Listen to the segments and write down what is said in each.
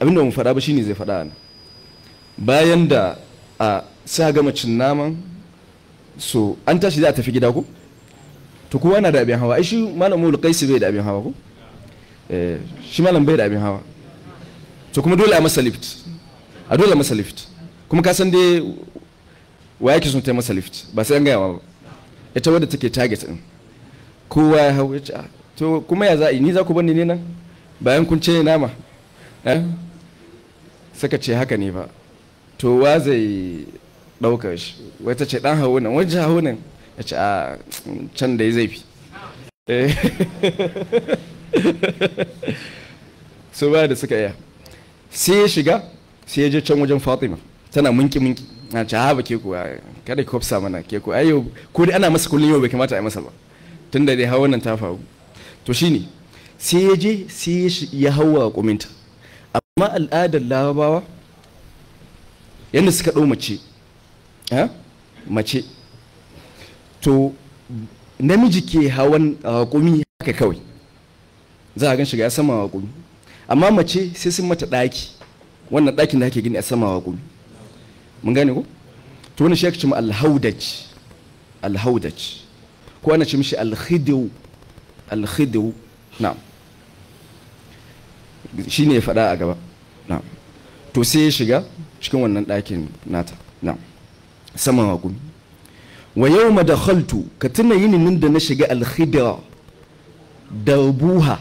abin da mu faɗa ba shine zai faɗa ne bayan da a sa gama cin naman so an tashi za a tafi gida ko to kowa na da abin hawa ai shi malam mulu kaisi bai da abin hawa ku eh, shi malam bai da abin hawa to kuma dole a masa lift a dole a masa lift kuma ka san dai wa yake sun ta masa lift ba sai an gaya ba ita wadda take target din kowa ya hau ya ah, to kuma ya za yi ni za ku bani ne nan bayan kun ce nama eh suka ce haka ne ba to wa zai ɗaukar shi wata ce ɗan hau nan wajen hau nan ya ce a can da zai fi eh. so ba da suka iya sai ya shiga sai ya je can wajen fatima tana munki munki na ce ha ba ke kuwa kada ki kwafsa mana ke kuwa ayo ko dai ana masa kullum yau bai kamata a yi masa ba tun da dai hawa nan ta faru to shine sai ya je sai ya hawa kuminta ma al'adar larabawa yadda suka ɗau mace mace to namiji ke hawan raƙumi haka kawai za a gan shiga ya sama raƙumi amma mace sai sun mata ɗaki wannan ɗakin da ake gini a sama raƙumi mun gane ko to wani shi ma alhaudaj alhaudaj ko ana ce mishi alhidu alhidiw na shi ne ya faɗa a gaba na'am to sai ya shiga cikin wannan ɗakin nata na'am saman hagu wa yau ma da haltu ka tuna yini nan da na shiga alkhidra da buha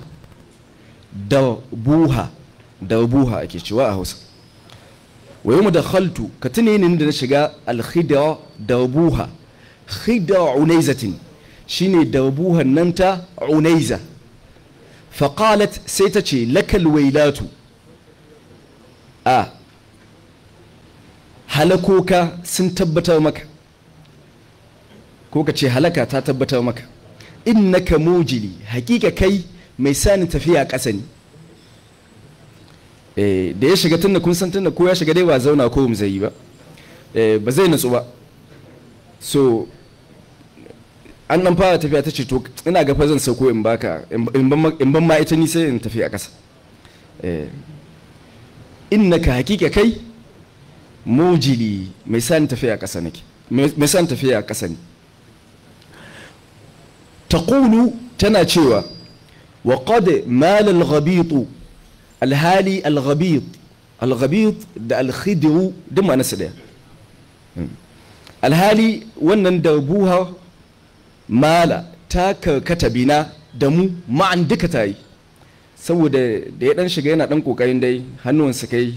da buha da buha ake cewa a hausa wa yau ma da haltu ka tuna yininin da na shiga alkhidra da buha khidra unaizatin ne da buha nan ta unaiza Faƙalat sai ta ce lakal wailatu a halakoka sun tabbatar maka ko ka ce halaka ta tabbatar maka innaka mujili hakika kai mai sani tafiya ƙasa ne eh, da ya shiga tunda kun san tunda ko ya shiga dai ba zauna ko mu zai yi ba eh, ba zai nutsu ba so an nan fara tafiya ta ce to ina ga fa zan sauko in baka in ban ma ita ni sai in tafi a ƙasa eh. innaka hakika kai mujili mai san tafiya kasa nake mai san tafiya kasa ne taqulu tana cewa wa qad mal al-ghabit al-hali al-ghabit al-ghabit da al-khidru duk ma nasu daya hmm. alhali wannan da buha mala ta karkata bina da mu ma'an duka ta yi saboda da ya dan shiga yana dan kokarin dai hannuwansa kai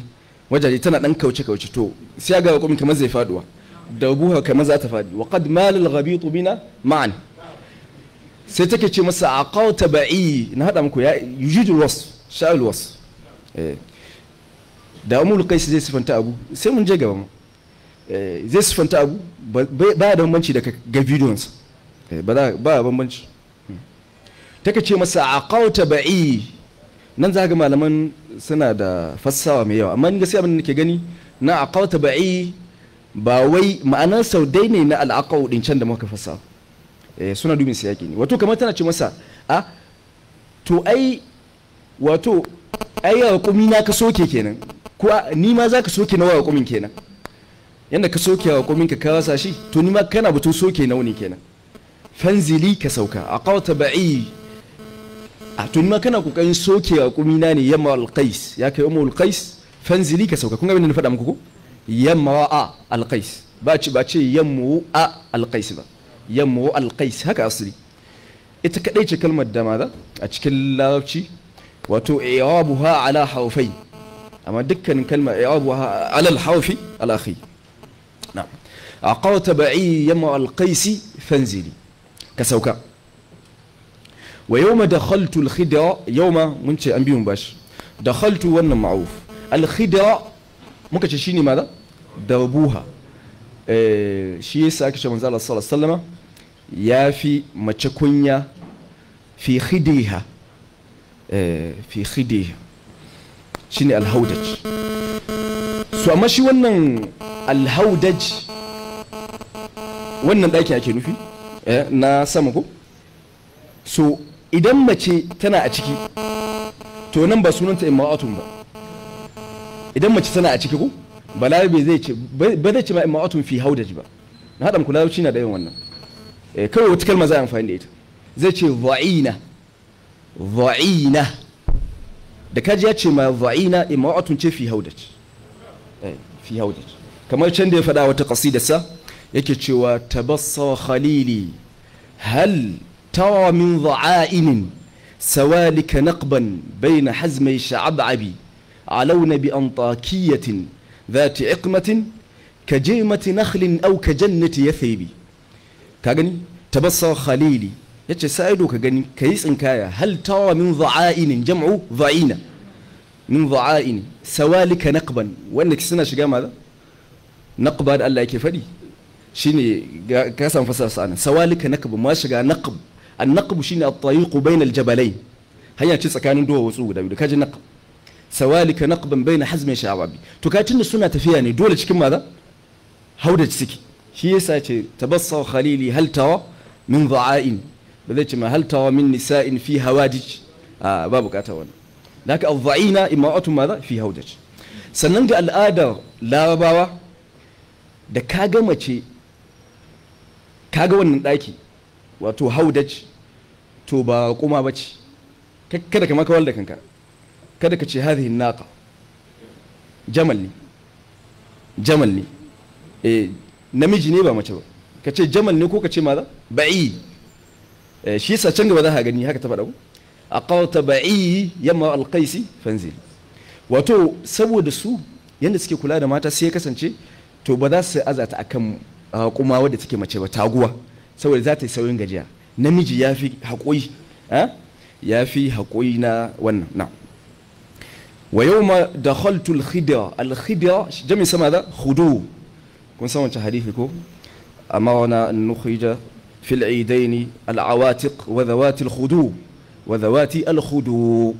wajaje tana dan kauce kauce to sai ga hukumin kamar zai faduwa da buha kamar za ta fadi wa qad mal al ghabit bina ma'an sai take ce masa aqawta ba'i na hada muku ya yujidul was sha'al was da umul qais zai sifanta abu sai mun je gaba mu eh, zai sifanta abu ba da bambanci daga ga bidiyonsa eh, ba ba bambanci hmm. take ce masa aqawta ba'i nan za ga malaman suna da fassawa mai yawa amma ni gaskiya abin da nake gani na aqaw ba'i ba wai ma'anar sau dai ne na al'aqau din can da muka fassara eh suna dubin siyaki ne wato kamar tana ce masa a ah, to ai wato ai hukumi na ka soke kenan ko ni ma za ka soke na hukumin kenan yanda ka soke raƙumin ka rasa shi to ni ma kana batun soke wani kenan fanzili ka sauka aqaw ba'i. a tun ma kana kokarin soke a kumina ne yamma alqais ya kai yamma qais fanzili ka sauka kun ga abin da na faɗa muku ko yamma a alqais ba ce ba ce yamma a alqais ba wa alqais haka asali ita kadai ce kalmar da maza a cikin larabci wato i'rabuha ala hawfai amma dukkanin kalmar i'rabuha ala al-hawfi a akhi na'am aqawta ba'i yamma alqaisi fanzili ka sauka wa yawma dakhaltu al-khida yawma mun ce an mu bashi dakhaltu wannan ma'ruf al-khida muka ce shine maza dabuha eh shi yasa sa ce manzala sallallahu alaihi ya fi mace kunya fi khidiha eh fi khidiha shine al-haudaj su amma shi wannan al-haudaj wannan ɗakin ake nufi eh, na sama ko so idan mace tana a ciki to nan ba sunanta imra'atun ba idan mace tana a ciki ko balabe zai ce ba zai ce ma imra'atun fi haudaj ba na haɗa kula na da yawan wannan eh, kawai wata kalma za a amfani da ita zai ce va'ina va'ina da kaji ya ce ma va'ina imra'atun ce fi haudaj eh, fi haudaj kamar can da ya faɗa wata sa, yake cewa tabassara khalili hal ترى من ضعائن سوالك نقبا بين حزمي شعبعب علون بأنطاكية ذات عقمة كجيمة نخل أو كجنة يثيب كاغني تبصر خليلي yace sa ido ka gani ka yi tsinkaya hal tawa min dha'ainin jam'u dha'ina min dha'ain sawalika naqban wanda suna shiga maza naqba da Allah yake faɗi shine ka san fasar sa ma shiga naqb annaqbu shi ne tariqu bainal jabalain hanya ce tsakanin duwatsu guda biyu kaji naqb sawalika naqban baina hazmin sha'abi to ka tunda suna tafiya ne dole cikin maza hauda ciki shi yasa ce tabassar khalili hal tawa min dha'ain ba zai ce ma hal tawa min nisa'in fi hawadij ba bukata wannan laka adh-dha'ina imra'atu maza fi haudaj sannan ga al'adar larabawa da ka ga mace ka ga wannan daki wato haudaci to ba kuma ba ce kada ka makawar da kanka kada ka ce hadhihi naqa jamal ne jamal ne eh namiji ne ba mace ba ka ce jamal ne ko ka ce maza ba'i eh shi yasa can gaba za ka gani haka ta faɗa aqawta ba'i yamma alqaisi fanzil wato saboda su yanda suke kula da mata sai ya kasance to ba za su azata akan kuma wadda take mace ba taguwa saboda za ta yi sauyin gajiya namiji ya fi haƙoyi ya fi haƙoyi na wannan na wa yau ma da haltul khidira alkhidira jami sama da hudu kun san wancan hadithi ko amma wana nukhija fil idaini al'awati wa zawati al wa zawati alhudu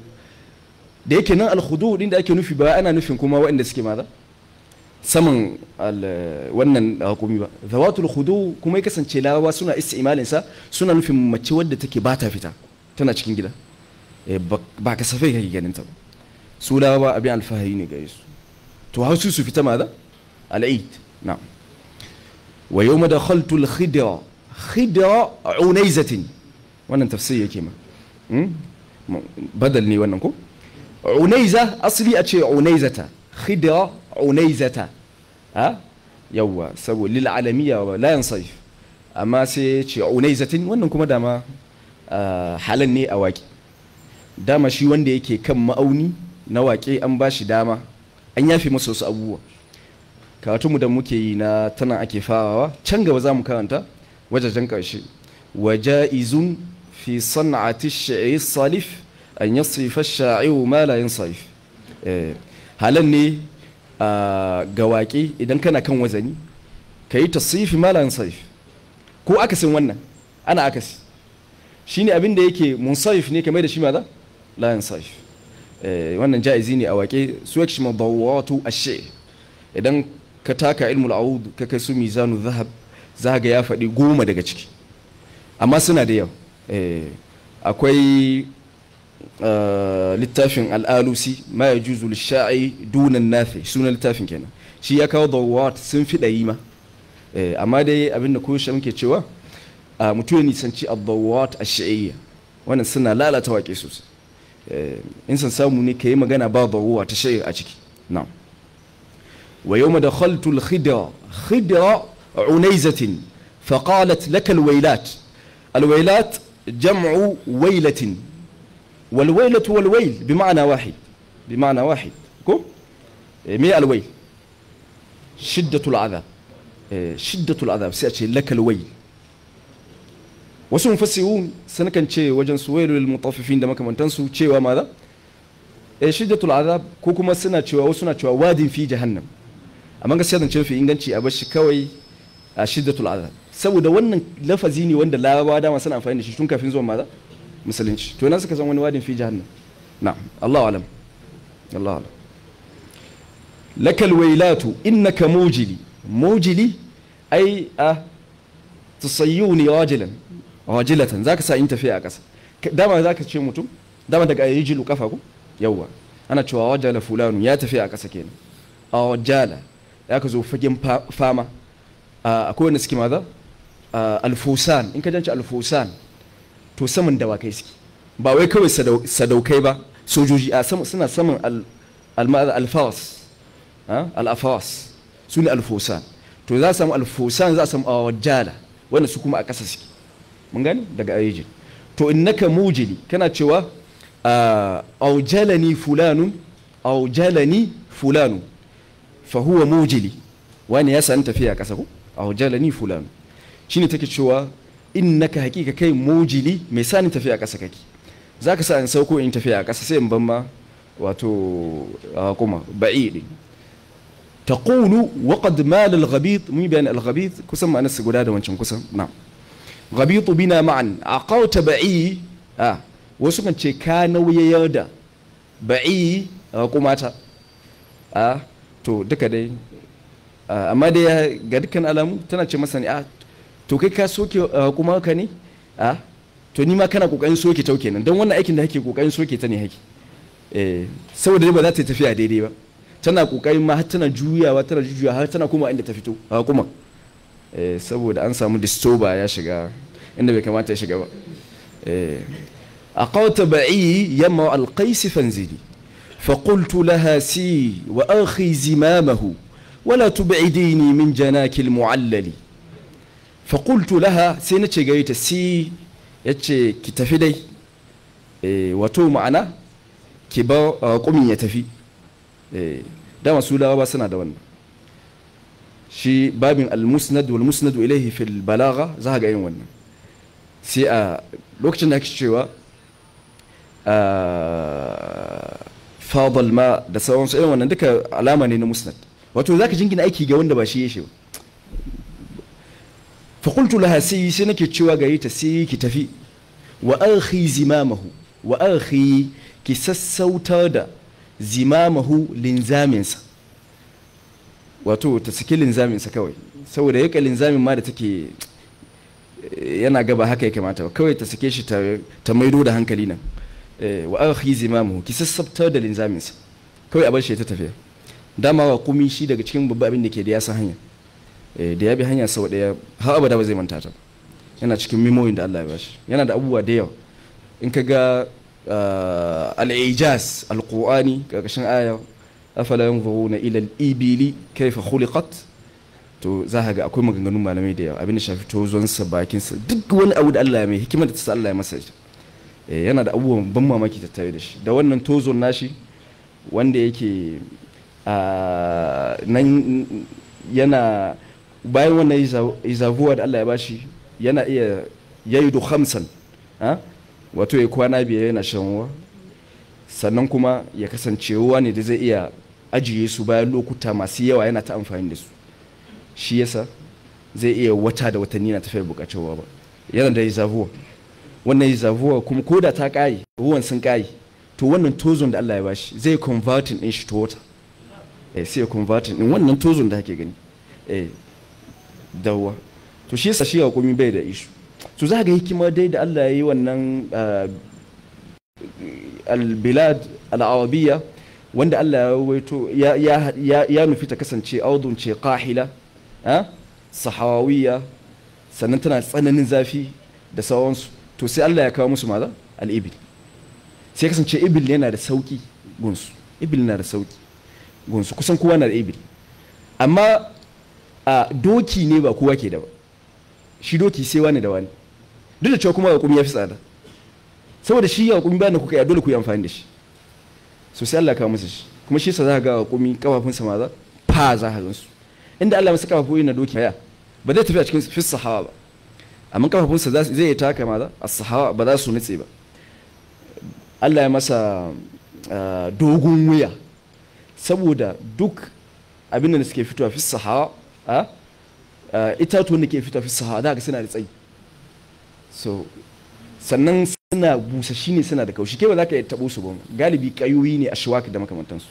da yake nan alhudu khudu din da ake nufi ba ana nufin kuma waɗanda suke da. saman wannan hukumi ba zawatul khudu kuma ya kasance larawa suna istimalin sa suna nufin mace wadda take ba ta fita tana cikin gida eh, ba ka kake ganin ta ba su larawa abin alfahari ne gare su to har su su fita ma da al'id na wa yawma dakhaltu al-khidra khidra unayzatin wannan tafsir yake ma hmm? badal ne wannan ko unayza asli a ce unaizata khidra unaizata ha yawwa saboda lil alamiya la yansarif amma sai ce unaizatin wannan kuma dama halan ne a waƙe dama shi wanda yake kan ma'auni na waƙe an bashi dama an yafe masu wasu abubuwa karatunmu da muke yi na tana ake farawa can gaba za mu karanta wajajen ƙarshe waja'izun fi san'ati shi'ri salif an yasrifa sha'iru ma la yansarif halan ne ga waƙe idan kana kan wazani ka yi tasifi malan saif ko akasin wannan ana akasi shi ne abin da yake munsaif ne kamar da shi maza la yansaif eh, wannan ja'izi ne a waƙe su yake shi mabawatu ashe idan ka taka ilmu aud ka kai su mizanu zahab za ga ya faɗi goma daga ciki amma suna da yau eh, akwai littafin al'alusi ma ya juzu lisha'i dunan nafi sunan littafin kenan shi ya kawo dawat sun fi ɗayi ma amma dai abinda ko shi muke cewa mutum ya nisanci adawat a shi'iyya wannan suna lalata waƙe sosai in san samu ne ka yi magana ba dawowa ta shi'iyya a ciki na'am wa yawma dakhaltu al-khidra khidra unayzatin fa qalat laka al-wailat al-wailat jam'u wailatin والويلة والويل بمعنى واحد بمعنى واحد كم مي الويل شدة العذاب شدة العذاب سيأتي لك الويل wasu mufassirun sun kan ce wajen suwailu lil mutaffifin da makamantansu cewa maza eh shiddatul azab ko kuma suna cewa wasu na cewa wadin fi jahannam amma gaskiya zan ce fi inganci a bashi kawai a shiddatul azab saboda wannan lafazi ne wanda larabawa dama suna amfani da shi tun kafin zuwan maza musulunci to na suka san wani wadin fi jahannam na'am Allahu alam Allahu alam lakal wailatu innaka mujili mujili ai a tusayyuni wajilan wajilatan zaka sa in tafiya a ƙasa dama zaka ce mutum dama daga yajilu kafa ku yawwa ana cewa wajala fulanu ya tafiya a ƙasa kenan a wajala ya ka zo fagen fama akwai wanda suke za alfusan in ka janci alfusan to saman dawakai suke ba wai kawai sadaukai ba sojoji a sama suna saman alfawas al'afawas su ne alfosan to za a samu alfosan za a samu awajala wanda su kuma a ƙasa suke mun gani daga ayyajin to in naka mujili kana cewa aujalani fulanun aujalani fulanu. fa huwa mujili wani ya sani tafiya a ƙasa ko aujalani fulanun shine take cewa in naka hakika kai mujili mai sani tafiya ƙasa kake za ka sa in sauko in tafiya a ƙasa sai in ban ma wato kuma ba'idi taqulu wa qad mal al ghabit mun bayan al ghabit kusan ma'ana su guda da wancan kusan na ghabit bina ma'an aqawta ba'i a wasu kan ce ka nauyayar da ba'i kuma ta a to duka dai amma dai ga dukkan alamu tana ce masa ne a to kai ka soke uh, kuma ka ne a to ni ma kana kokarin soke tau kenan don wannan aikin da kake kokarin soke ta ne haki eh saboda ba za ta tafiya daidai ba tana kokarin ma har tana juyawa tana juyawa har tana kuma inda ta fito a kuma eh saboda an samu disturba ya shiga inda bai kamata ya shiga ba eh aqawta ba'i yamma alqais fanzili فقلت لها سي وأخي زمامه ولا تبعديني من جناك المعلل faƙultu laha sai na ce gare ta si ya ce ki tafi dai eh, wato ma'ana ki ba eh, ƙumin ya tafi eh, dama su ba suna da wannan shi babin al-musnad wal musnad ilaihi fil balagha za ga yin wannan sai a lokacin da ake cewa fadal ma da sauransu irin wannan duka alama ne na musnad wato zaka jingina aiki ga wanda ba shi ya shi ba fa qultu laha sai sai nake cewa gare ta sai ki tafi wa akhi zimamahu wa akhi ki sassautar da zimamahu linzaminsa wato ta saki linzaminsa kawai saboda yaka linzamin ma da take yana gaba haka ya kamata kawai ta sake shi ta maido da hankali nan wa akhi zimamu ki sassabtar da linzaminsa kawai a bar shi ta tafiya dama wa kumi shi daga cikin babba abin da ke da ya san hanya Eh, da ya bi hanya sau daya har abada ba zai manta ta yana cikin mimoyin da Allah ya bashi yana da abubuwa da yawa in ka ga ah, al-ijaz al-qur'ani karkashin aya afala yanzuruna ila al-ibili kayfa khuliqat to za ka ga akwai maganganun malamai da yawa abin da shafi tozonsa bakinsa duk wani abu da Allah ya mai hikimar da ta Allah ya masa eh, yana da abubuwan ban mamaki tattare da shi da wannan tozon nashi wanda yake ah, nan yana bayan wannan izavuwa da Allah ya bashi yana iya da hamsan wato ya kwana biyar yana shan ruwa sannan kuma ya kasance ruwa ne da zai iya ajiye su bayan lokuta masu yawa yana ta amfani da su shi yasa zai iya wata da watanni na tafiyar bukacewa ba yana da izavuwa wannan izavuwa kuma ko da ta kare ruwan sun kare to wannan tozon da Allah ya bashi zai converting din shi to water eh sai converting din wannan tozon da kake gani eh dawa to shi yasa shi ga komi bai da ishu to za ga hikima dai da Allah ya yi wannan ah, albilad al'awabiya wanda Allah ya waito ya nufi ta kasance audun ce kahila ah, sahawawiya sannan tana tsananin zafi da sauransu to sai Allah ya kawo musu maza al'ibil sai kasance ibil yana da sauki gunsu ibil na da sauki gunsu kusan kowa na da ibil amma a doki ne ba kowa ke da ba shi doki sai wani da wani duk da cewa kuma raƙumi ya fi tsada saboda shi ya raƙumi bayan da kuka yi dole ku yi amfani da shi so sai Allah ka musu shi kuma shi sa za a ga raƙumi kafafunsa ma za fa za ka gansu inda Allah masa kafafu na doki haya ba zai tafi a cikin fis sahawa ba amma kafafunsa zai yi taka ma za a sahawa ba za su nutse ba Allah ya masa dogon wuya saboda duk abin da suke fitowa fis sahawa a eh, itatuwan da ke fita fi saha da suna da tsayi so sannan suna busa shi ne suna da kaushi ke ba za ka yi tabo su ba galibi kayoyi ne a shiwaka da makamantansu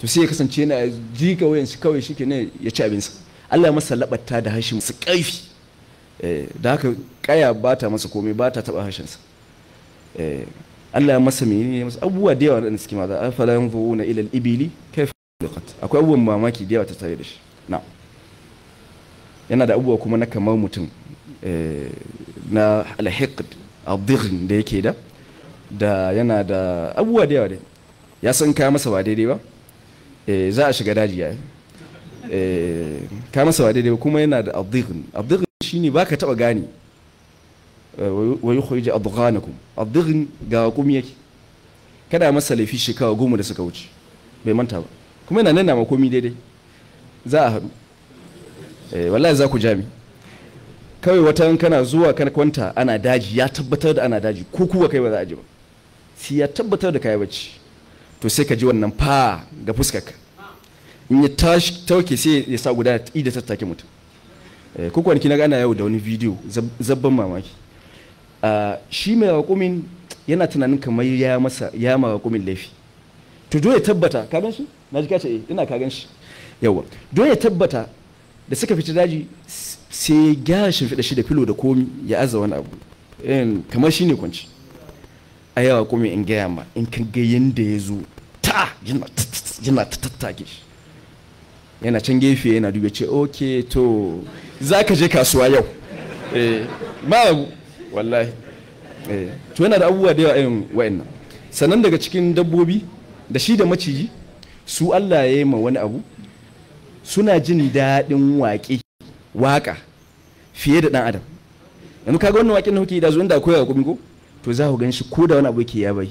to sai ya kasance yana ji kawai shi kawai shi ne ya ci abinsa Allah masa labarta da hashi masu ƙarfi eh, da haka kaya ba ta masa komai ba ta taɓa hashinsa eh, Allah ya masa ne masa abubuwa da yawa da suke maza afala yanzuruna na ilal ibili kayfa akwai abubuwan mamaki da yawa ta tare da shi na'am yana da abubuwa kuma na kamar mutum eh, na alhiqd adhign da yake da da yana da abubuwa da yawa dai ya san kaya masa ba daidai ba eh, za a shiga daji yayi eh, kaya masa ba daidai ba kuma yana da shi ne ba ka taba gani wa yukhrij adghanakum adhign ga kum yake kada masa laifi shekara goma da suka wuce bai manta ba kuma yana nan na makomi daidai za a haɗu Eh, wallahi za ku jami kawai wata kana zuwa kana kwanta ana daji ya tabbatar da ana daji ko kuwa kai ba za a ji ba sai ya tabbatar da kai bacci to sai ka ji wannan fa ga fuskarka in ya tashi tauke sai ya sa guda ta take mutum eh, ko kwanaki na gana yau da wani bidiyo zabban mamaki ah, shi mai raƙumin yana tunanin kamar ya masa ya ma raƙumin laifi to dole ya tabbata ka gan shi na ji ka ce eh, ina ka gan shi yawa dole ya tabbata da suka fita daji sai gyara shimfiɗa shi da filo da komi ya aza wani abu kamar shi ne kwanci a yawa kuma in gaya ma in kan ga yadda ya zo ta yana ta tattake shi yana can gefe yana dubi ce ok to za ka je kasuwa yau eh, Ba abu wallahi eh, to yana da abubuwa da yawa irin wa'annan sannan daga cikin dabbobi da shi da maciji su Allah ya yi ma wani abu suna jin daɗin waƙi waƙa fiye da ɗan adam yanzu kaga wannan waƙin da kuke da zuwa inda koya kuma ko to za ku gan shi ko da wani abu ke ya bai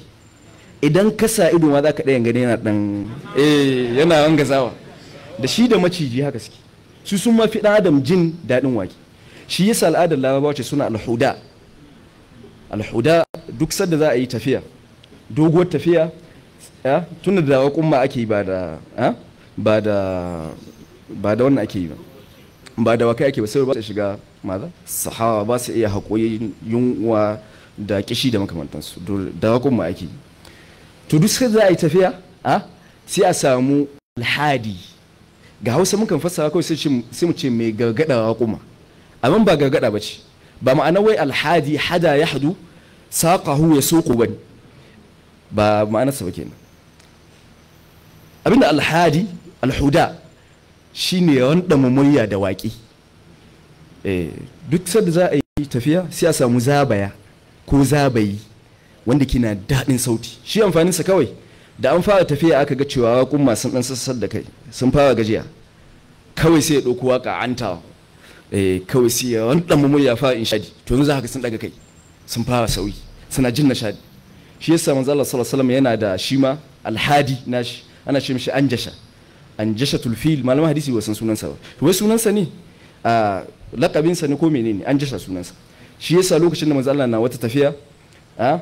idan ka sa ido ma za ka ɗayan gani yana ɗan eh yana wangazawa da shi da maciji haka suke su sun ma fi ɗan adam jin daɗin waƙi shi yasa al'adar larabawa ce suna alhuda alhuda duk sadda za a yi tafiya doguwar tafiya ah, tun da dawa kuma ake ba da ah, ba da ba da wannan ake yi ba ba da wakai ake ba sai ba su shiga maza sahawa ba su iya haƙoƙi yunwa da kishi da makamantansu da wakon ma ake to duk sai za a yi tafiya a sai a samu alhadi ga hausa muka fassara kawai sai mu ce mai gargada wakuma amma ba gargada ba ce ba ma'ana wai alhadi hada ya hadu saƙahu ya soƙo bane ba ma'anarsa ba kenan abinda alhadi alhuda shine yawan ɗama murya da waƙi eh, duk sadda za a yi tafiya sai a samu zabaya ko zabayi wanda na daɗin sauti shi amfaninsa kawai da an fara tafiya aka ga cewa waƙun masu ɗan sassar da kai sun fara gajiya kawai sai ya ɗauko waƙa an ta eh, kawai sai ya ɗan murya fara inshadi to yanzu haka sun ɗaga kai sun fara sauyi suna jin nishadi shi yasa manzo Allah sallallahu alaihi wasallam yana da shima, ma alhadi nashi ana ce mishi anjasha an jashatul fil malaman hadisi ba san sunansa ba wai sunansa ne a lakabinsa ne ko menene an jasha sunansa shi yasa lokacin da manzo Allah na wata tafiya a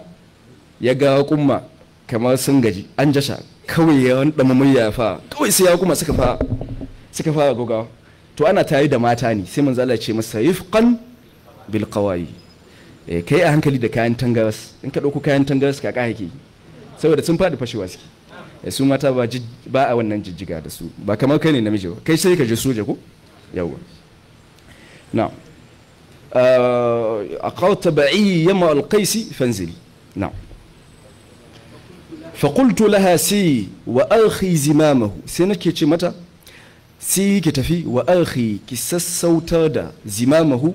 ya ga kuma kamar sun gaji an jasha kawai ya wanda ya fa kawai sai ya kuma suka fa suka fara gogawa to ana tare da mata ne sai manzo Allah ya ce masa yifqan bil qawai eh, kai a hankali da kayan tangaras in ka dauko kayan tangaras ka hake saboda sun fadi fashewa suke Eh, su mata ba a wannan jijjiga da su ba kamar kai ne namiji ba kai sai ka ji soja ko yawa na eh, a kawta ya yamma alkaisi fanzili na faƙultu laha si wa alhi zimamahu sai nake ce mata si ki tafi wa alhi ki sassautar da zimamahu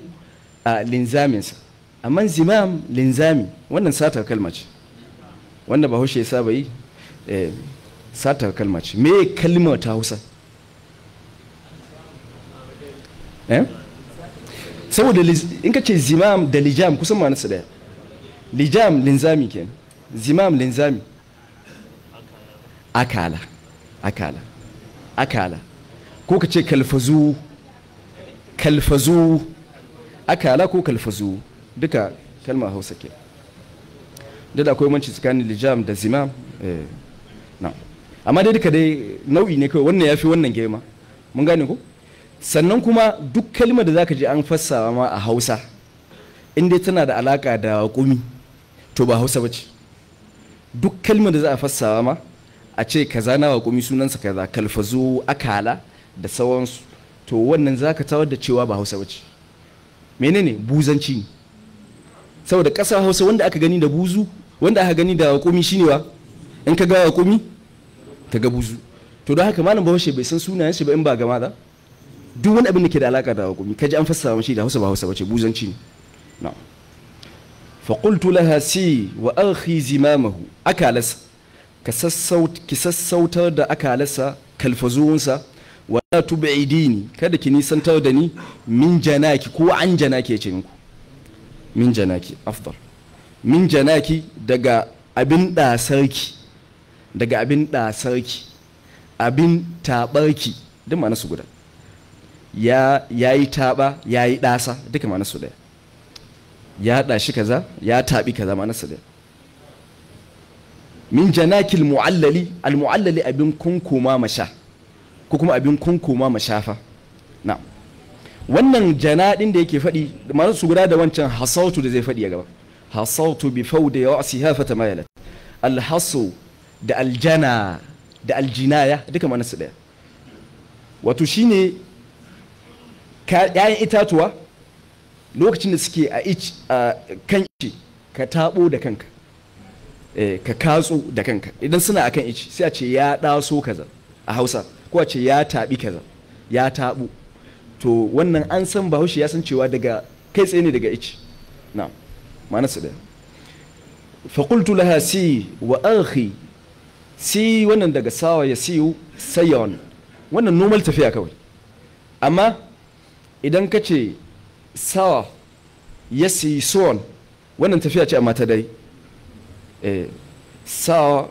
a linzaminsa amma zimam linzami wannan satar kalma ce wanda bahaushe ya saba yi eh, sata kalma ce me kalma ta hausa eh? saboda in ka ce zimam da lijam kusan ma nasa daya lijam linzami ke zimam linzami akala akala akala ko ka ce kalfazu kalfazu akala ko kalfazu duka kalma hausa ke da akwai manci tsakanin lijam da zimam eh. amma dai duka dai nau'i ne kawai wannan ya fi wannan girma mun gane ko sannan kuma duk kalmar da zaka je an fassawa ma a hausa in dai tana da alaka da kumi to ba hausa bace duk kalmar da za a fassara ma a ce kaza na kumi sunansa kaza kalfazo akala da sauransu to wannan za ka tawar da cewa ba hausa bace menene buzanci ne saboda ƙasar hausa wanda aka gani da buzu wanda aka gani da kumi shine wa in ka ga kumi ta buzu to don haka malam bahaushe bai san sunayen shi ba in ba ga da duk wani abin da ke da alaka da hukumi kaji an fassara mashi da hausa ba hausa bace buzanci ne fa qultu laha si wa akhi zimamahu akalas ka sassaut ki sassautar da akalasa kalfazuwansa wa la tub'idini kada ki nisantar da ni min janaki ko an janaki ya ce minku min janaki afdal min janaki daga abin da sarki daga abin ɗasarki abin taɓarki duk ma'ana su guda ya yi taɓa ya yi ɗasa duka ma'ana su ɗaya ya ɗashi kaza ya taɓi kaza ma'ana su ɗaya min janakil mu'allali al-mu'allali abin kunkuma masha ko kuma abin kunkuma mashafa na wannan janadin da yake faɗi ma'ana su guda da wancan hasautu da zai faɗi ya gaba hasautu bi fawda ya wa'si hafata mayalat al-hasu da aljana da aljinaya duka ma'anarsu ɗaya wato shine ‘ya'yan itatuwa lokacin da suke a kan ice ka taɓo da kanka eh, ka katso da kanka idan suna a kan ice sai a ce ya ɗaso kaza a hausa ko a ce ya taɓi kaza ya taɓo to wannan an san bahaushe ya san cewa daga kai tsaye ne daga ice na ma'anarsu ɗaya faƙultu laha si wa akhi si wannan daga sawa ya siyu sai ya wannan wannan normal tafiya kawai amma idan ka ce sawa ya siyi suwan wannan tafiya ce amma ta dai eh, sawa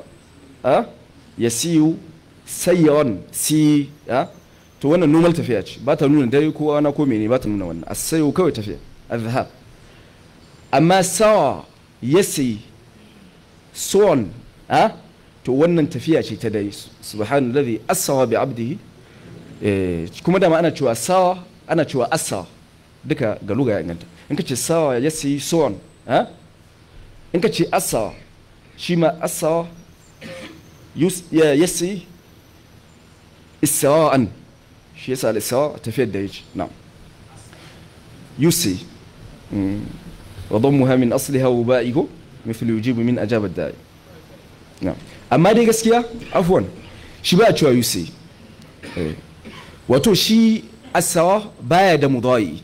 ah, ya siyu sai ya wannan si ah, to wannan normal tafiya ce ba ta nuna dai ko wana ko mene ba ta nuna wannan asayo kawai tafiya a azhab amma sawa ya siyi suwan ah to wannan tafiya ce ta dai subhanallazi asawa bi abdihi kuma dama ana cewa sawa ana cewa asawa duka ga luga inganta in ka ce sawa ya sayi son in ka ce asawa shi ma asawa ya sayi isawa'an shi yasa al-isawa tafiyar da yake na yusi وضمها من أصلها وبائه مثل يجيب من أجاب الداعي نعم amma dai gaskiya afwan shi ba cewa yusi eh. wato shi asawa baya da mudayi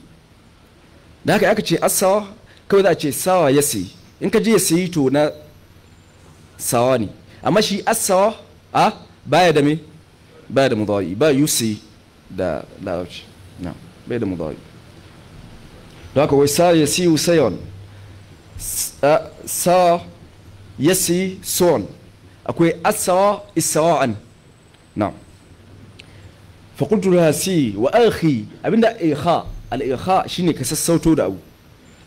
da haka aka ce asawa kawai za a ce sawa ya sayi in ka je ya sayi to na sawa ne amma shi asawa a baya da me baya da mudayi ba yusi da larabci na baya da mudayi da haka wai sawa ya sayi sayon sawa ya sayi son akwai asawa isawa'an na fa na si wa akhi abinda ikha al ikha shine ka sassauto da abu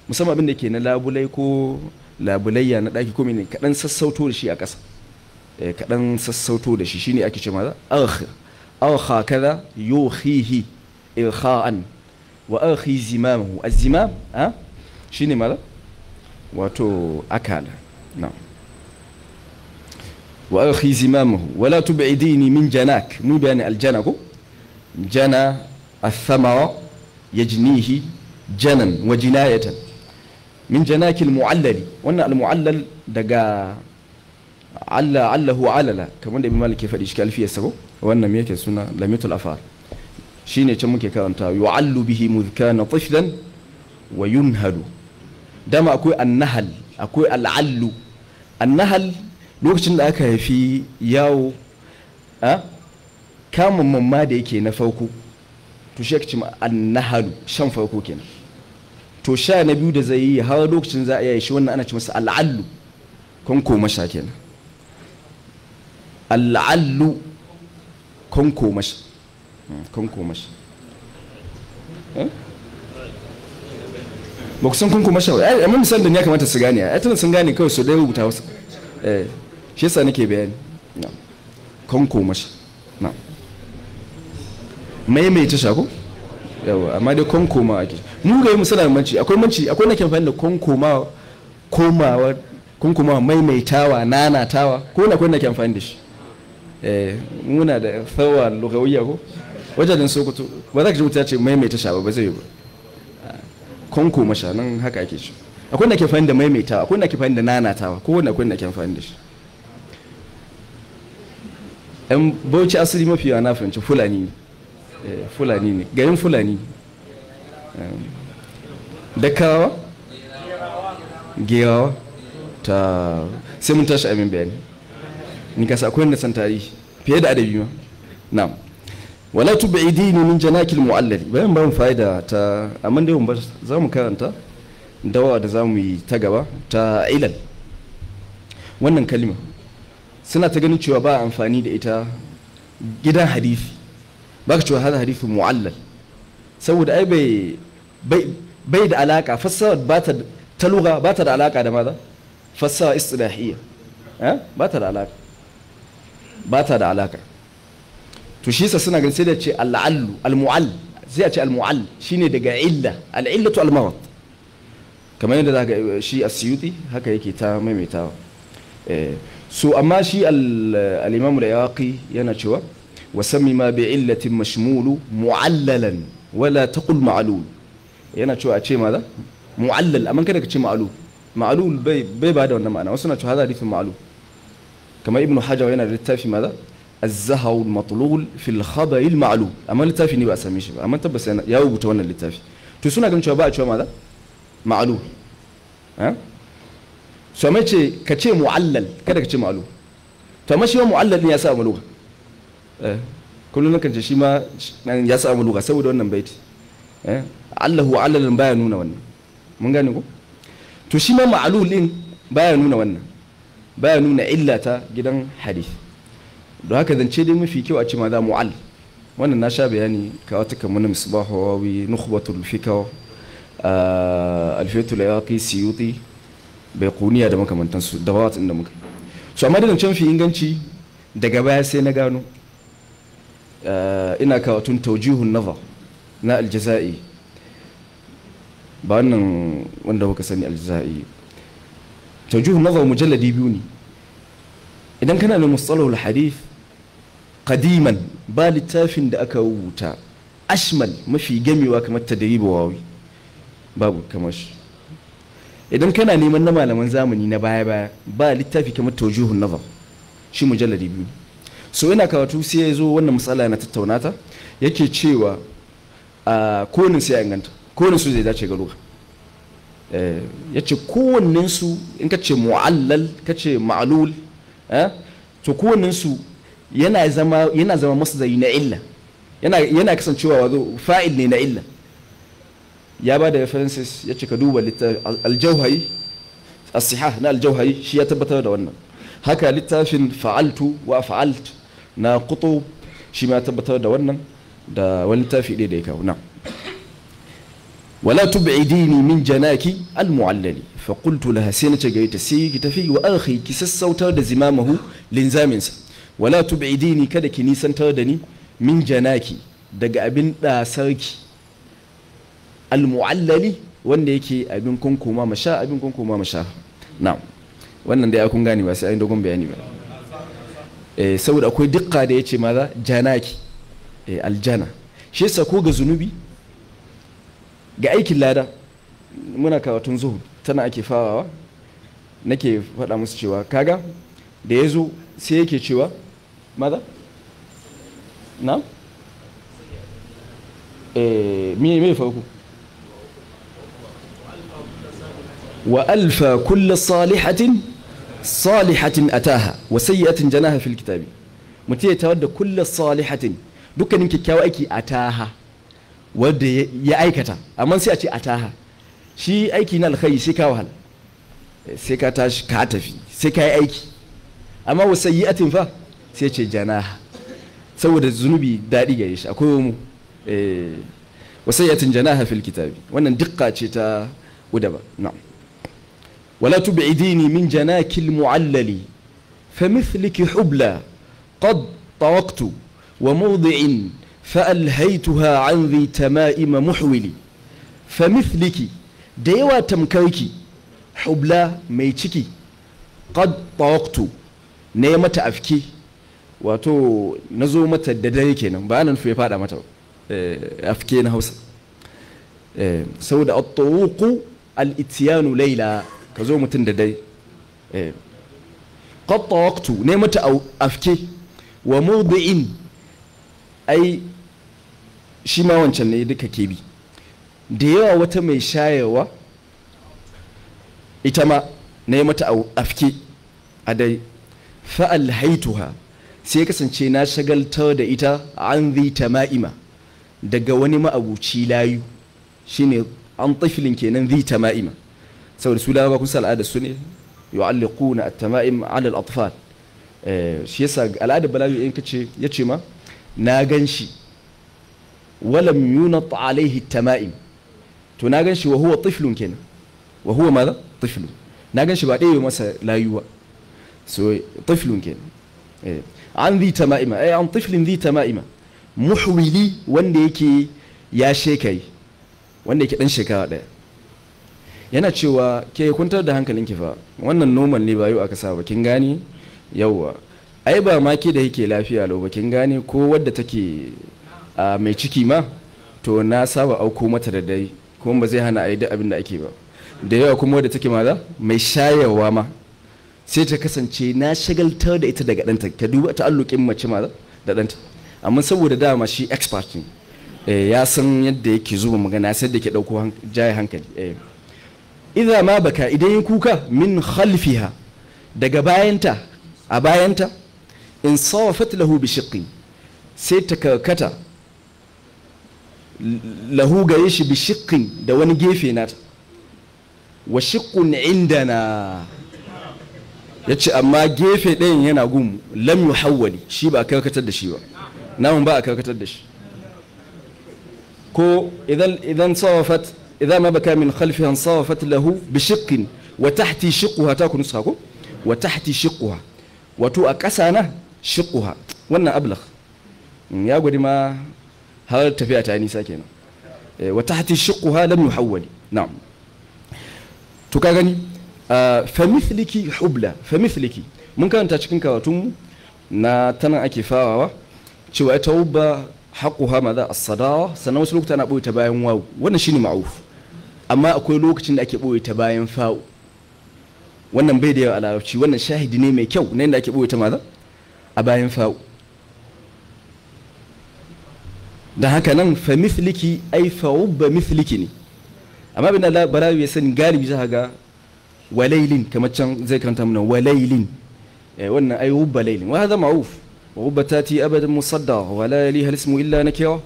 musamman abinda ke na labulai ko labulayya na daki ko menene kadan sassauto da shi a ƙasa eh, kadan sassauto da shi shine ake cewa akh akha kaza yukhihi ikha'an wa akhi zimamahu az-zimam ha shine mala wato akala na'am wa alhi zimamahu wala tub'idini min janak mu bayani aljana ko jana athamara yajnihi janan wa jinayatan min janakil mu'allali wannan al-mu'allal daga Allah Allahu alala kamar da Imam Malik ya faɗi shi alfiyarsa ko wannan me suna lamitul afar shine can muke karanta yu'allu bihi mudhkana tiflan wa dama akwai annahal akwai annahal lokacin da aka haifi yawo a kamun mamma da yake na farko to shi ce annahalu shan farko kenan to sha na biyu da zai yi har lokacin za a yaya shi wannan ana ci masa al'allu koma sha kenan al'allu sha hmm, kan koma sha eh? ba ku san konko masha ba amma misalin da ya kamata su gane a tana sun gane kawai su dai rubuta wasu eh shi yasa nake bayani kanko mashi na maimaita shako yawa amma dai kan koma ake mu ga mu da manci akwai manci akwai na kyanfani da kan koma komawa kanko ma maimaitawa nanatawa ko na akwai nake amfani da shi eh muna da thawa lugawiyya ko wajajen sokoto ba za ka ji ya ce maimaita sha ba zai yi ba kanko sha nan haka ake shi akwai na amfani da maimaitawa akwai na amfani da nanatawa ko wani akwai nake amfani da shi 'yan bauchi asali mafi yawa na fahimci fulani ne eh, fulani ne garin fulani dakawa gerawa ta sai mun tashi abin bayani ni kasa akwai wanda san tarihi fiye da adabi ma na wala tu ba'idini min janakil mu'allali bayan ba mu fa'ida ta amma dai mun za mu karanta dawa da za mu yi ta gaba ta ilal wannan kalima suna ta ganin cewa ba amfani da ita gidan hadifi ba ka cewa hada hadifi mu'allal saboda ai bai da alaka fassara ba ta ta ba ta da alaka da maza fassara istilahiyya ba ta da alaka eh, ba ta da alaka to shi sa suna ganin sai da ce al'allu al-mu'all sai a ce al-mu'all shine daga illa al-illatu al-marad kamar yadda shi asyuti haka yake ta maimaitawa eh, so amma shi al-imam al-iraqi yana cewa wasammi ma bi illatin mashmulu mu'allalan wala taqul ma'lul yana cewa a ce maza mu'allal amma kada ka ce ma'lul ma'lul bai bai bada wannan ma'ana wasu na cewa hada hadithin ma'lul kamar ibnu hajar yana da littafi maza الزهر المطلول في الخبر المعلوم اما littafi ne ba a same shi ba amma tabbas ya rubuta wannan littafi to suna ganin cewa ba a cewa maza ma'lul eh to mai ce ka ce mu'allal kada ka ce ma'lum to amma shi ma mu'allal ya sa samu lugha eh, kullum kan ce shi ma ya samu lugha saboda wannan baiti eh, Allahu allalan baya nuna wannan mun gane ko to shi ma ma'lul din baya nuna wannan baya nuna illa ta gidan hadith don haka zance dai mafi kyau a ce ma za mu'al wannan na sha bayani ka wata kamar misbahu wa nukhbatul fikaw ah, alfiyatul yaqi siyuti bai kuniya da makamantansu da ba da muka su amma da fi inganci daga baya sai na gano eh, ina kawo tun taujihun nava na aljaza'i ba wannan wanda kuka sani aljaza'i taujihun mu mujalladi biyu ne idan kana da mustalahul hadith kadiman ba littafin da aka rubuta ashmal mafi gamewa kamar tadribu wawi babu kamar shi idan kana neman na malaman zamani na baya baya ba littafi kamar na nazar shi mujalladi biyu so ina karatu sai ya zo wannan matsala na tattauna ta yake cewa a kowanne sai ya inganta kowanne su zai dace ga ruwa. Eh, ya ce kowannen su in ka ce mu'allal ka ce ma'alul eh, to kowannen su yana zama yana zama na illa yana kasancewa wazo fa'il ne na illa ya ba da references ya ce ka duba aljauhari asiha na aljauhari shi ya tabbatar da wannan haka littafin fa'altu wa fa'alt na kuto shi ma ya tabbatar da wannan da wani littafi ɗaya da ya kawo na wala min janaki almu'allali fa qultu laha sai nace gare ta sai ki tafi wa akhi ki sassautar da zimamahu linzaminsa wala tub'idini kada ki nisantar da ni min janaki daga abin ɗasarki almu'allali wanda yake abin koma masha abin koma masha na wannan dai kun gane ba sai an dogon bayani ba eh saboda akwai dukka da yace maza janaki eh aljana shi yasa ko ga zunubi ga aikin lada muna kawatun zuhu. tana ake farawa nake faɗa musu cewa kaga da ya zo sai yake cewa maza na eh me me farko wa alfa kulla salihatin salihatin ataha wa sayyi'atin janaha fil kitabi mutum ya tawar da kulla salihatin dukkanin kyakkyawa aiki a ataha wadda ya aikata amma sai a ce ataha shi aiki na alkhairi sai ka wahala sai ka tashi ka tafi sai ka yi aiki amma wa sayyi'atin fa sai ce janaha saboda zunubi daɗi gare shi akwai mu eh, wa sayyi'atin janaha fil kitabi wannan dukka ce ta udaba na'am ولا تبعديني من جناك المعلل فمثلك حبلى قد طرقت وموضع فألهيتها عن ذي تمائم محولي فمثلك ديوى تمكركي حبلى ميتشكي قد طرقت نيمة أفكي واتو نزومة zo mata في dare kenan أفكينا nan سود الطوق الاتيان ليلى ka zo mutum da dai eh. qatta waktu ne mata afke wa mubi'in ai shi ma wancan ne duka ke bi da yawa wata mai shayewa ita ma ne mata afke a dai fa'al haituha sai kasance na shagaltar da ita an zita ma'ima daga wani ma'abuci layu shine an tafilin kenan zita ma'ima saboda su laraba kun san al'adar su ne yu'alliquna at-tama'im 'ala al-atfal eh, shi yasa al'adar balawi in kace ce ma na gan shi walam yunat alaihi tama'im to na gan shi wa huwa tiflun kenan wa huwa madha tiflun na gan shi ba ɗaya masa layuwa so tiflun kenan eh, an zi tama'ima ai eh, an tiflin zi tama'ima muhwili wanda yake ya shekai wanda yake dan shekara ɗaya yana cewa ke kuntar da hankalinki fa wannan noman ne ba yau aka saba kin gane yauwa ai ba ma ke da yake lafiya lau ba kin gane ko wadda take mai ciki ma to na saba auko mata da dai kuma ba zai hana a yi abin da ake ba da yawa kuma wadda take maza mai shayarwa ma sai ta kasance na shagaltar da ita daga ɗanta ka duba ta'allukin mace maza da ɗanta amma saboda dama shi expert ne eh, ya san yadda yake zuba magana sai da ke ɗauko jaya hankali eh. idza ma baka idan yi kuka min khalfiha daga bayanta a bayanta in sawafat lahu bi shiqqi sai ta karkata lahu gare shi bi da wani gefe nata wa shiqqun indana yace amma gefe ɗayan yana gum lam yu shi ba karkatar da shi ba namun ba a karkatar da shi ko idan idan sawafat idza ma baka min khalfiha ansawafat lahu bi shiqqin wa tahti shiqquha ta kun wa tahti shiqquha wato a ƙasa na shiqquha to ka gani fa mithliki hubla fa mithliki mun karanta cikin karatun na tana ake farawa cewa ita hubba haƙuha maza as-sadawa sannan wasu lokuta na ɓoye bayan wawu wannan shine ma'ruf amma akwai lokacin da ake ɓoye ta bayan fa'u wannan bai da yawa a larabci wannan shahidi ne mai kyau na yadda ake ɓoye ta maza a bayan fa'u da haka nan fa misliki ai ba misliki ne amma bin Allah barawi ya sani galibi za ga walailin kamar can zai karanta mana walailin wannan ai hubba lailin wa hadha ma'ruf wa hubba tati abadan musadda wa la yaliha ismu illa nakira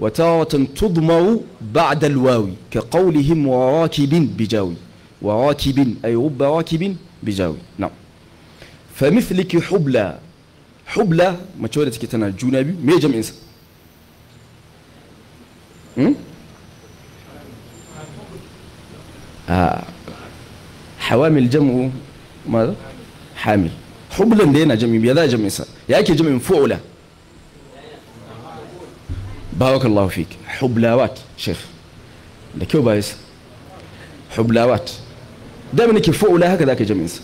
وتارة تضمر بعد الواو كقولهم وراكب بجاوي وراكب أي رب راكب بجاوي نعم فمثلك حبلى حبلى ما تشولتك تنا جنابي ما يجمع إنسان آه. حوامل جمع ماذا حامل حبلا دينا جمع بيذا جمع إنسان يأكي جمع فعلة بارك الله فيك حبلاوات شيخ لكيو بايس حبلاوات دائما كفؤ لها كذاك جميس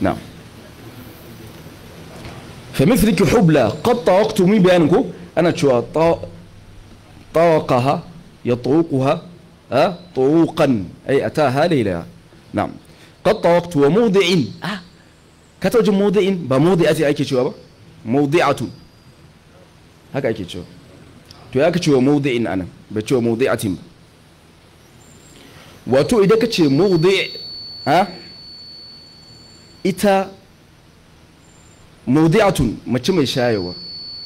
نعم فمثلك حبلا قد مي بأنكو أنا تشوى طوقها يطوقها أه؟ طروقا أي أتاها ليلها نعم قد طوقت وموضع أه؟ كتوج موضع بموضعة أي كتشوى موضعة هكا أي كتشوى to ya ka ce wa mawdi'in anan ba ce wa mawdi'atin ba wato idan ka ce mawdi' ha ita mawdi'atun mace mai shayewa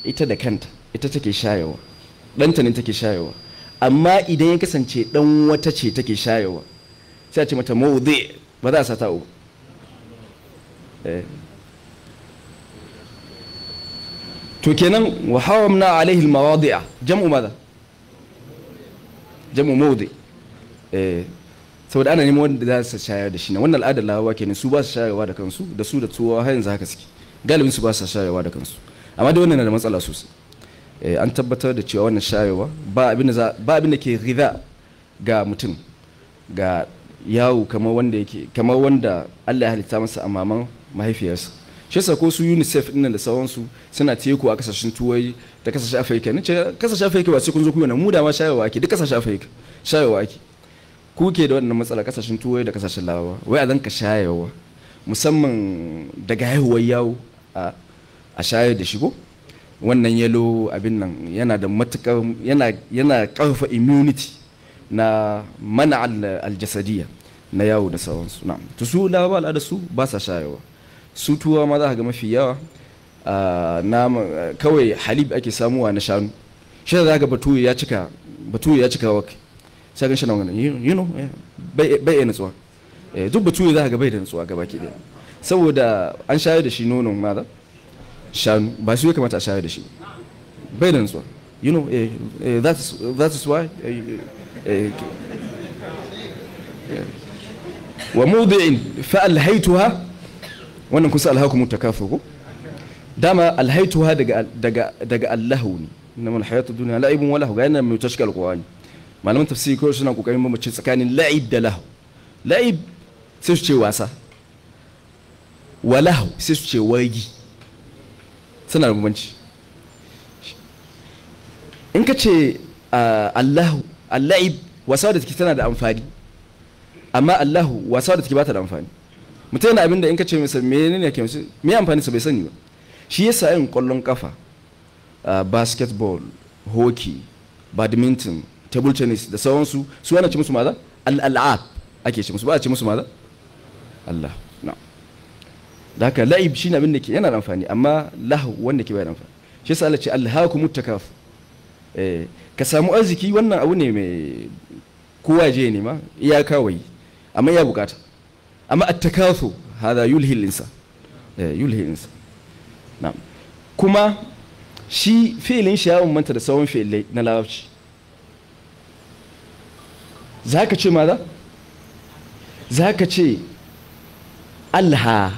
ita da kanta ita take shayewa ɗanta ne take shayewa amma idan ya kasance ɗan wata ce take shayewa sai a ce mata mawdi' ba za a sata uku eh. to kenan wa haramna alaihi almawadi'a jam'u madha jam'u mawdi eh saboda ana neman wanda za su shayar da shi ne wannan al'adar lahawa kenan su ba su shayarwa da kansu da su da tuwa har yanzu haka suke galibin su ba su shayarwa da kansu amma da wannan na da matsala sosai eh, an tabbatar da cewa wannan shayarwa ba abin da ke ghiza ga mutum ga yawo kamar wanda Allah ya halitta masa a mahaifiyarsa shi sako su unicef din da sauransu suna teku a kasashen turai da kasashen afirka ni ce kasashen afirka ba sai kun zo ku yana mu da ma shayarwa ake duk kasashen afirka shayarwa ake ku ke da wannan matsala kasashen turai da kasashen larabawa wai a zan ka shayarwa musamman daga haihuwar yawo a shayar da shigo wannan yalo abin nan yana da matukar yana yana karfa immunity na mana aljasadiya na yawo da sauransu na to su larabawa al'ada su ba sa shayarwa su tuwa ma za ka ga mafi yawa nama kawai halib ake samuwa na shanu shi za ka batuye ya cika batuye ya cika wak sai ga shana wannan you know eh, bai bai nutsuwa eh, duk batuwa za ka ga bai da nutsuwa gaba ki saboda an shayar da shi nonon mata shanu ba su ya kamata a shayar da shi bai da nutsuwa you know eh, that's that's why wa mudi'in fa alhaytuha wannan kusa alhakumu takafuru dama alhaituha daga daga daga allahu ne innamal hayatu dunya la'ibun wa lahu ga yana mai tashkil alqur'ani malaman tafsiri ko suna kokarin bambance tsakanin la'ib da lahu la'ib sai su ce wasa wa lahu sai su ce wagi suna da bambanci in ka ce allahu al-la'ib wasa da take tana da amfani amma allahu wasa da take ba ta da amfani mutum yana abin da in ka ce masa menene ne chemistry me amfani sa bai sani ba shi yasa yin kwallon kafa basketball hockey badminton table tennis da sauransu su ana ce musu maza al'ad ake ce musu ba a ce musu maza Allah na da haka la'ib shi abin da ke yana da amfani amma lahu wanda ke bai da amfani shi yasa Allah ce alhaku mutakaf eh ka samu arziki wannan abu ne mai kowa je ma iya kawai amma ya bukata أما التكاثر هذا يلهي الإنسان يلهي الإنسان نعم kuma shi filin shi ya manta da tsawon filai na larabci za ka ce maza? za ka ce alha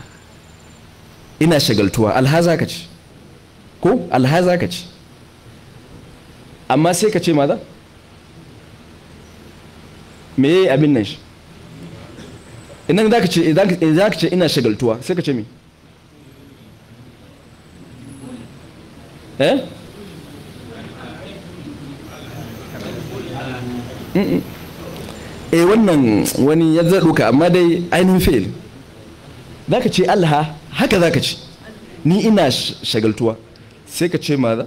ina shagaltuwa alha za ka ce ko alha za ka ce amma sai ka ce maza? me yi abin nan shi idan za ka ce ina shagaltuwa sai ka ce mi eh, eh wannan wani ya zaɗuka amma dai ainihin fail za ka ce alha haka za ka ce ni ina shagaltuwa sai ka ce maza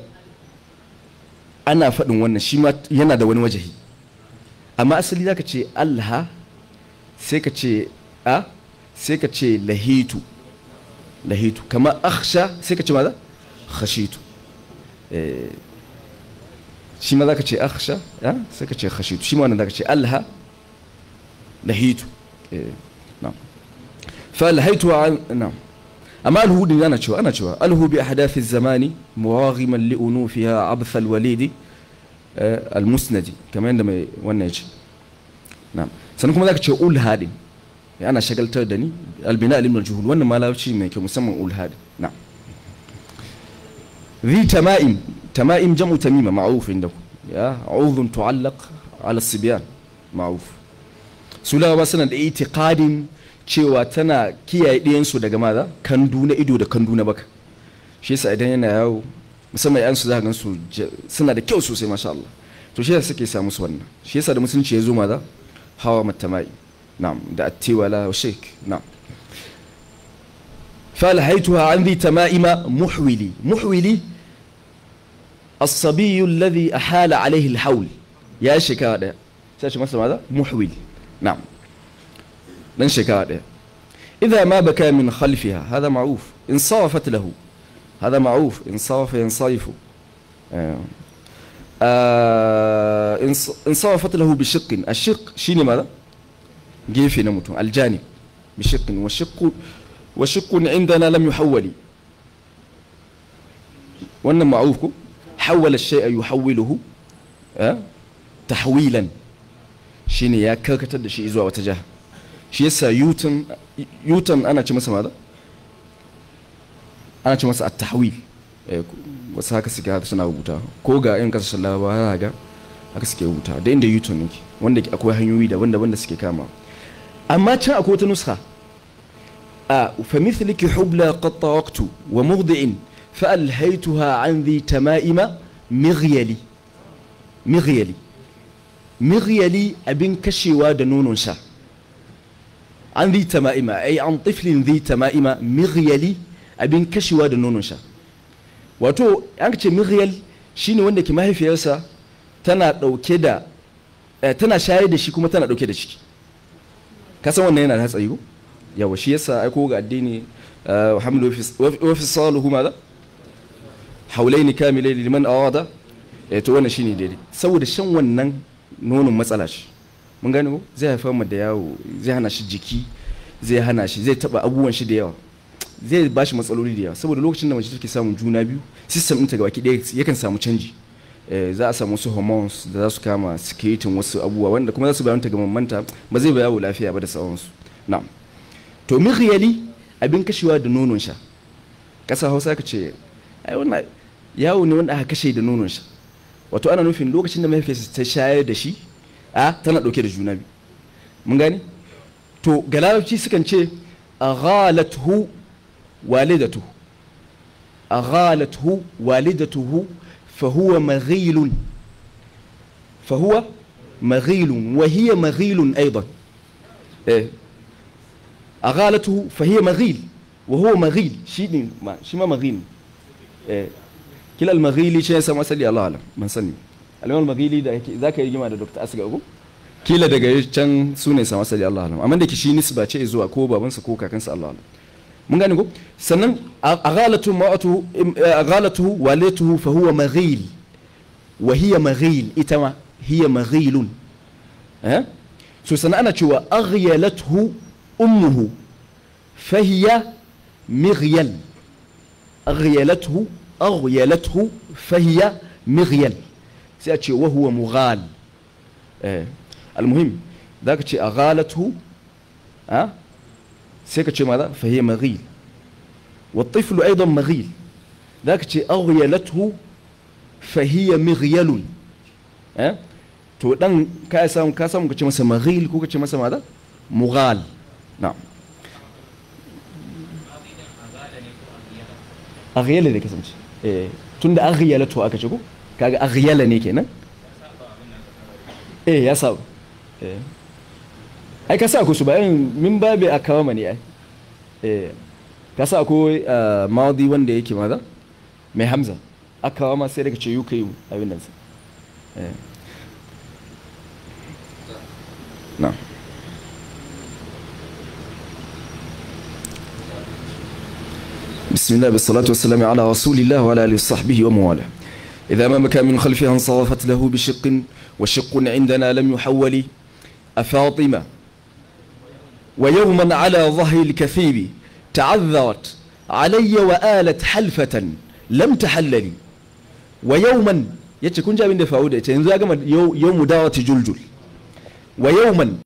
ana faɗin wannan shi ma yana da wani wajahi amma asali za ka ce alha sai ka ce a ah? sai ka ce lahitu lahitu kama akhsha sai ka ce maza khashitu eh, shi ma za ka ce akhsha ah? sai ka ce khashitu shi ma wannan za ka ce alha lahitu eh, na'am fa lahitu أما الهو أنا شو أنا شو الهو بأحداث الزمان مراغما لأنوفها عبث الوليد نعم ذاك شو أول ana shagaltar da ni albina alim juhul wannan ma larabci mai kyau musamman ulhadi na jam'u tamima تمائم inda ku ya عندكم يا عوض تعلق على su معروف suna da اعتقاد cewa tana kiyaye ɗiyansu daga maza kandu na ido da kandu na baka shi yasa idan yana yawo musamman yan su gan su suna da kyau sosai masha Allah to shi yasa suke samu su wannan shi yasa da musulunci ya zo maza hawa matamai نعم ده ولا وشيك نعم فلهيتها عن ذي تمائم محولي محولي الصبي الذي أحال عليه الحول يا شكاده سأشي مثلا ماذا محولي نعم لن نعم شكاده إذا ما بكى من خلفها هذا معروف انصرفت له هذا معروف انصرف ينصرف آه. آه انصرفت له بشق الشق شيني ماذا gefe na mutum aljani bi wa shikku na inda na lamu hawali wannan ma'ruf ko hawwala eh, ta hawilan shi ne ya karkatar da shi zuwa wata jiha shi yasa yutan yutan ana ci masa mada ana ci masa ta tahwil eh, wasu haka suke haka suna rubuta ko ga yan kasashen larabawa haka suke rubuta da inda yutan yake wanda akwai hanyoyi daban-daban da suke kama amma can akwai wata nuska a famithliki hubla qattawaktu wa murdi'in fa'alhaituha an zi tama'ima miryali miryali miryali abin kashewa da nononsa an zi tama'ima ai an tiflin zi tama'ima miryali abin kashewa da nononsa wato an ce miryal shine wanda ke mahaifiyarsa tana dauke da eh, tana shayar da shi kuma tana dauke da ciki ka san wannan yana da hatsari ko yawa shi yasa aiko ga addini eh, hamdu wa fi saluhu ma haulaini kamile liman awada eh to wannan shine daidai saboda shan wannan nonon matsala shi mun gane ko zai haifar mu da yawo zai hana shi jiki zai hana shi zai taba abubuwan shi da yawa zai ba shi matsaloli da yawa saboda lokacin da mace take samun juna biyu system ɗinta gaba ki ɗaya yakan samu canji Eh, za a samu su hormones da za su kama sikiritin wasu abubuwa wanda kuma za su bayanta ga mamanta ba zai bayawo lafiya ba da sauransu na'am to miryali abin kashewa da nonon sha ƙasa hausa ka ce ai wannan yawo ne wanda aka kashe da nonon sha wato ana nufin lokacin da mahaifiyarsa ta shayar da shi a tana dauke da juna biyu mun gane to ga larabci sukan ce aghalatuhu walidatuhu aghalatuhu walidatuhu fahuwa maghilun fahuwa maghilun wa hiya maghilun aidan eh aghalatuhu fahiya shi ne shi ma maghil eh kila al-maghili shi Allah alam ban sani al-imam al-maghili da yake zaka da Dr. Asga ugu kila daga can sune a masali Allah alam ke shi nisba ce zuwa ko babansa mun gane ko sannan aghalatu ma'atuhu eh, aghalatuhu walatuhu fa huwa maghil wa hiya maghil ita ma hiya maghilun eh so sannan ana cewa aghyalatuhu ummuhu fa hiya mighyal aghyalatuhu aghyalatuhu fa hiya mighyal sai a ce wa huwa mughal eh almuhim zaka ce aghalatuhu ah sai ka ce maza fahiye maghil wa tiflu aidan maghil za ka ce aghyalathu fahiye ka ne kasance ai ka sa ku su bayan min babi a kawama ne ai eh ka sa ku eh, maudi wanda yake maza mai hamza a ma sai daga ce yu kai abin nan eh na بسم الله بالصلاة والسلام على رسول الله وعلى آله وصحبه ومواله إذا أمامك من خلفها انصرفت له بشق وشق عندنا لم يحول أفاطمة ويوما على ظهر الكثيب تعذرت علي وآلت حلفة lam tahallali wa yawman yace kun ji abin da faru da ita yanzu ya gama mu dawati juljul wa yawman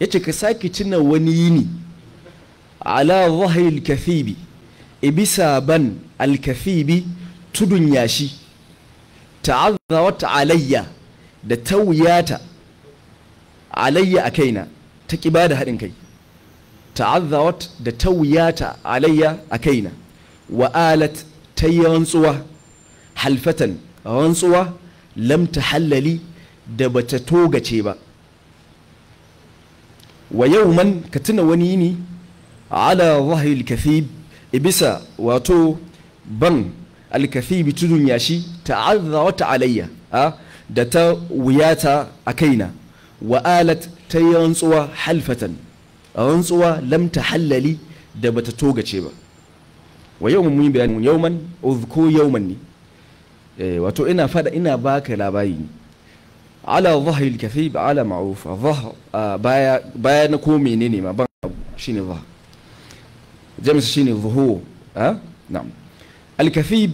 yace ka saki cinna wani yini ala al kathibi ibisa ban al kathibi tudun yashi ta'azzawat alayya da tawiyata alayya a kaina ta kibada haɗin kai ta'azzawat da ta wuyata alayya a kaina wa alat ta yi rantsuwa halfatan rantsuwa lam ta da bata togace ba wa yau man ka tuna wani yini ala zahil ibisa wato ban alkathibi tudun yashi ta'azzawat alayya da ta wuyata a kaina wa alat ta yi rantsuwa halfatan rantsuwa lamta hallali da bata togace ba wa yau mun yi bayani yauman ko yauman ne eh, wato ina fada ina baka labari ne ala zahiril kathib ala ma'ruf ah, baya baya na ko menene ma ban abu shine zah jamis shine zuhur ha ah, na'am al kathib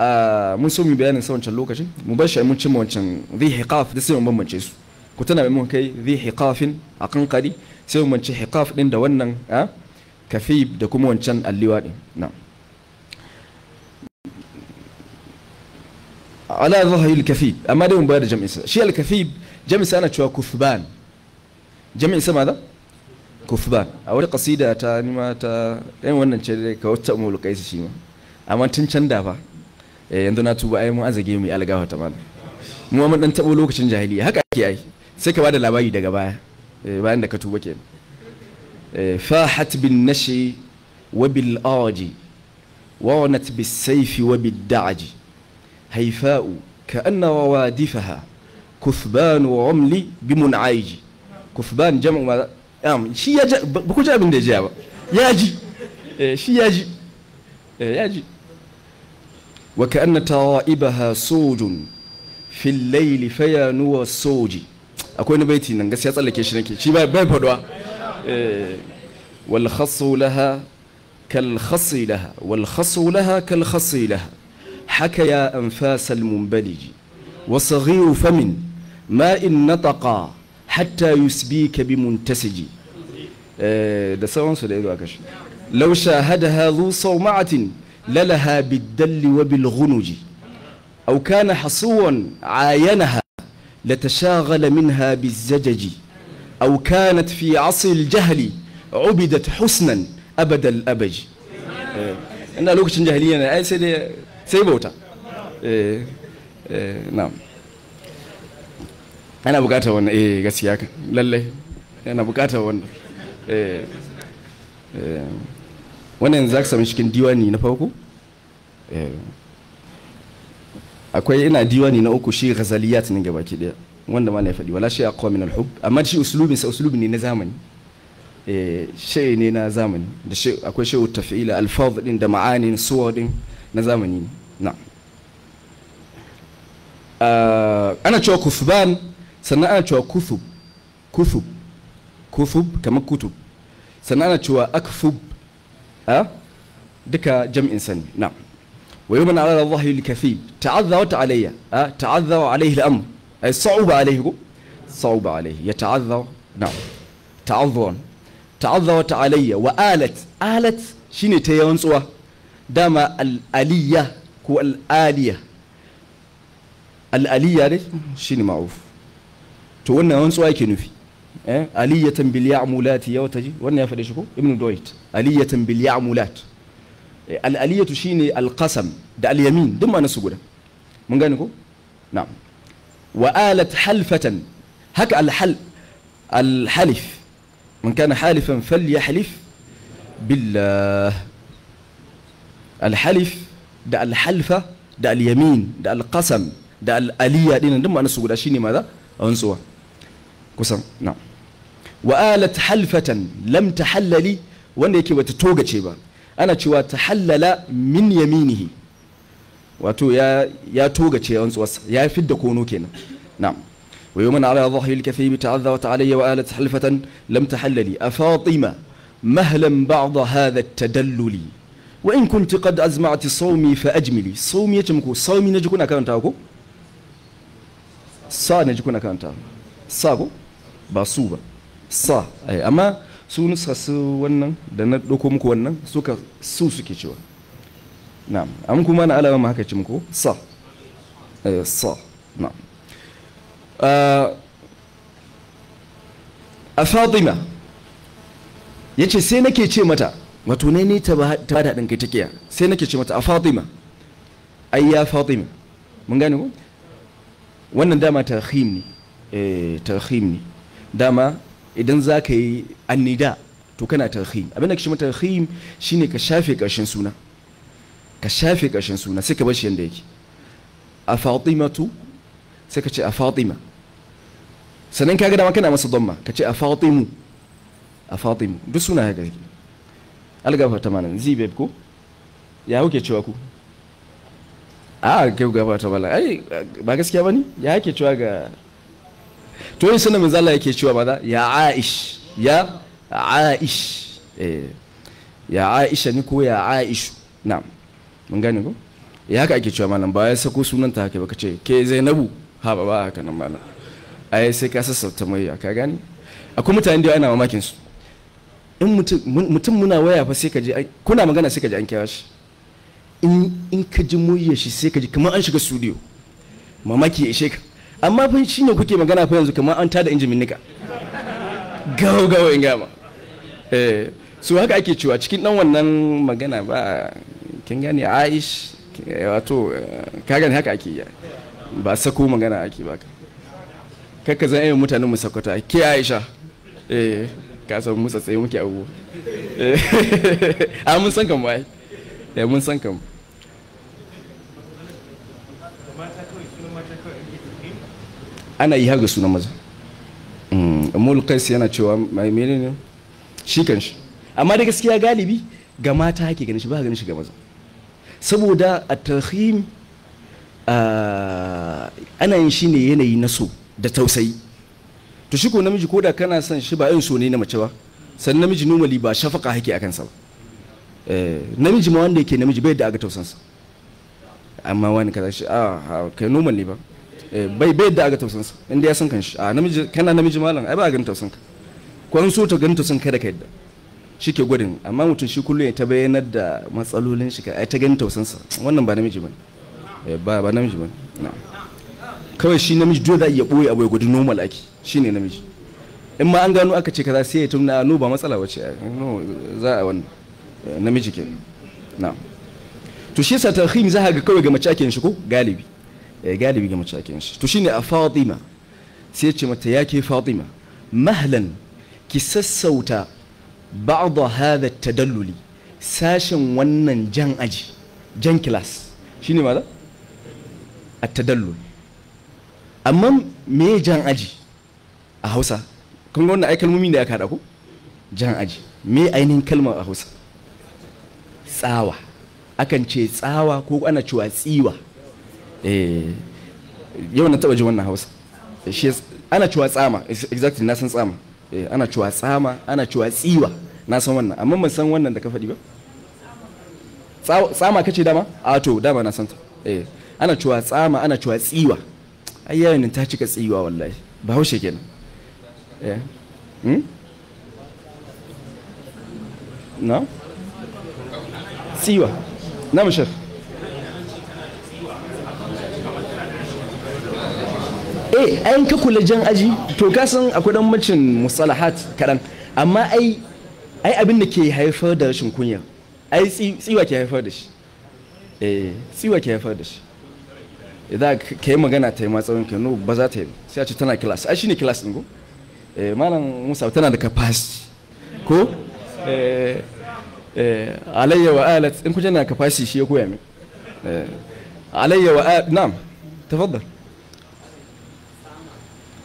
ah, mun so mu bayanin sa wancan lokacin mu bar shi mun cimma wancan zai hiqaf da sai mun bambance su ku tana mai mun kai zai hiqafin aqanqari sai mu manci hiqaf din da wannan a kafib da kuma wancan alliwa din na ala zahiril kafib amma dai mun bayar da jami'isa shi alkafi jami'isa ana cewa kufban jami'isa ma da kufban a wani kasida ta nima ta yan wannan ce dai ka wata umul kaisi shi ma amma tun can da fa eh, yanzu na tuba ai mun azage mu yi algawa ta malam mu mun dan tabo lokacin jahiliya haka ake ai sai ka bada labari daga baya bayan da ka tuba ke fahat ورنت بالسيف وبالدعج هيفاء كأن روادفها كثبان رملي بمنعيج كثبان جمع ماذا؟ نعم شي يجي بكو جاء من الإجابة ياجي إيه، شي ياجي إيه، ياجي وكأن ترائبها صوج في الليل فيا نور الصوج أكون بيتي baiti يا صلي tsallake كي شيء باب باب faduwa والخص لها كالخص لها والخص لها كالخص لها حكى يا أنفاس المنبلج وصغير فم إن نطق حتى يسبيك بمنتسج ده سوان سوداء أكش لو شاهدها ذو صومعة للها بالدل وبالغنج أو كان حصوا عاينها لتشاغل منها بالزجج أو كانت في عصر الجهل عبدت حسنا أبد الأبج إيه. أنا لو كنت جاهلية أنا أي سيدي سيبوتا إيه. إيه. نعم أنا بقاتها وانا إيه قسياك للي أنا بقاتها وانا وانا انزاك سمشكين ديواني نفوكو akwai ina diwani na uku shi ghazaliyat ne gabaki daya wanda ma na faɗi wala shi aqwa min al-hub amma shi uslubin sa uslubi ne na zamani eh shi ne na zamani da shi akwai shi taf'ila alfaz din da ma'ani suwa din na zamani na ah, ana cewa kufban sannan ana cewa kufub kufub kufub kamar kutub sannan ana cewa akfub a ah, duka jam'in sani na'am ويوم على الله الكثير تعذرت علي alayhi تعذر عليه الأمر أي صعب عليه صعب عليه يتعذر نعم تعذرا تعذرت علي وآلت آلت شيني تيون سوا دama al'aliyya ko al'aliya al'aliyya ne shi ne ma'uf to wannan rantsuwa yake nufi aliyyatan biliya ya'mulat ya wata ji wannan ya faɗe shi ko ibn al'aliyatu shine alqasam da alyamin duk ma su guda mun gane ko na'am wa alat halfatan haka alhal alhalif man kana halifan falyahlif billah alhalif da alhalfa da alyamin da alqasam da al'aliya dinan duk ma su guda shine maza a rantsuwa kusan na'am wa alat halfatan lam tahallali wanda yake bata togace ba أنا ana تحلل من يمينه min يا يا توجة شيء أنس وس يا fidda kono كنا نعم ويوما على ظهر الكثيب تعذرت علي وآلت حلفة لم تحل لي أفاطمة مهلا بعض هذا التدلل وإن كنت قد أزمعت صومي فأجملي صومي يتمكو صومي نجكونا كان أكو صا نجكونا كان تاكو صاكو باصوبة صا أي أما su nusa su wannan da na ɗauko muku wannan suka su suke cewa na'am amma kuma na alama ma haka ci muku sa eh, sa na'am ah, a fatima ya ce sai nake ce mata wato ne ne ta ba da ɗin kai ta kiya sai nake ce mata a fatima ai ya fatima mun gane ko wannan dama ta ne eh, ne dama idan za ka yi annida to kana tarhim abin da ka shima shi ne ka shafe ƙarshen suna ka shafe ƙarshen suna sai ka bar shi yadda yake a fatimatu sai ka ce a fatima sannan ka ga dama kana masa damma ka ce a fatimu a fatimu duk suna ya gari algafa ta manan zibeb ko ya kuke cewa ku a kai gafa ta bala ai ba gaskiya bane ya hake cewa ga to yin suna manzo Allah yake cewa maza ya aish ya aish eh, ya aisha ni ko ya aishu na'am mun gane ko ya eh, haka ake cewa malam ba ya sako sunan ta haka baka ce ke Zainabu ha ba ba haka nan malam ai sai ka sassauta mai ka gane akwai mutane da ana mamakin su in mutum muna waya fa sai ka ji kuna magana sai ka ji an kira shi in ka ji muryar shi sai ka ji kamar an shiga studio mamaki ya ishe ka amma fa ne kuke magana fa yanzu kamar an tada injimin nika gawo gawo in gama eh su haka ake cewa cikin dan wannan magana ba kin gane Aish eh, wato eh, ka gane haka ake yi ba sako magana ake ba ka kakka zan yi mutanen mu sakwata ke Aisha eh ka san mu tsaye muke abubuwa eh a mun san kan ba ai eh, mun san kan mu ana yi haga suna maza mulkais mm, yana cewa mai ne shi kan shi amma da gaskiya galibi ga mata hake ganin shi ba ganin shi ga maza saboda a tarhim ana yin shi ne yanayi na so da tausayi to shi ko namiji ko da kana son shi ba yin so ne na mace ba san namiji nomali ba shafaka hake a kansa ba eh, namiji ma wanda yake namiji bai da aga tausansa amma wani kaza shi ah, a kai normally ba Eh, bai bai yadda aga tausan sa inda ya san kanshi a namiji kana namiji malam ai ba ganin tausan ka ko an so ta ganin tausan kai da kai da shike gudun amma mutum shi kullum ya ta bayyanar da matsalolin shi ai ta ganin tausan sa wannan ba namiji bane eh, ba ba namiji bane kawai shi namiji dole za iya boye abu ya gudu normal ake ne namiji in ma an gano aka ce kaza sai ya tumna ah, no ba matsala wace no za a wannan eh, namiji ke na to shi sa tarhim za ga kawai ga mace ake shi ko galibi Eh, galibi ga mace shi to shine a Fatima sai ce mata ya ke Fatima mahlan ki sassauta ba'd hadha tadalluli sashin wannan jan aji jan kilas shine ma a tadallul amma me jan aji a Hausa kun ga wannan ai kalmomi da aka hada ko jan aji me ainihin kalmar a Hausa tsawa akan ce tsawa ko ana cewa tsiwa Eh, yau na taba ji wannan hausa ana cewa tsama exactly na san tsama eh, ana cewa tsama ana cewa tsiwa na san wannan amma ban san wannan da ka faɗi ba tsama kace dama a to dama na san ta eh, ana cewa tsama ana cewa tsiwa ai yayin ta cika tsiwa wallahi ba haushe kenan eh hmm? tsiwa na mushaf eh ayan ka kula jan aji to ka san akwai dan mucin musalahat kadan amma ai ai abin da ke haifar da rashin kunya ai tsiwa ke haifar da shi eh tsiwa ke haifar da shi idan eh, ka yi magana ta yi matsawon ka no ba za ta yi sai a ce tana kilas ai shine kilas din go eh malam Musa tana da capacity ko eh, eh alayya wa alat in kun na capacity shi ya koya min eh alayya wa na'am tafaddal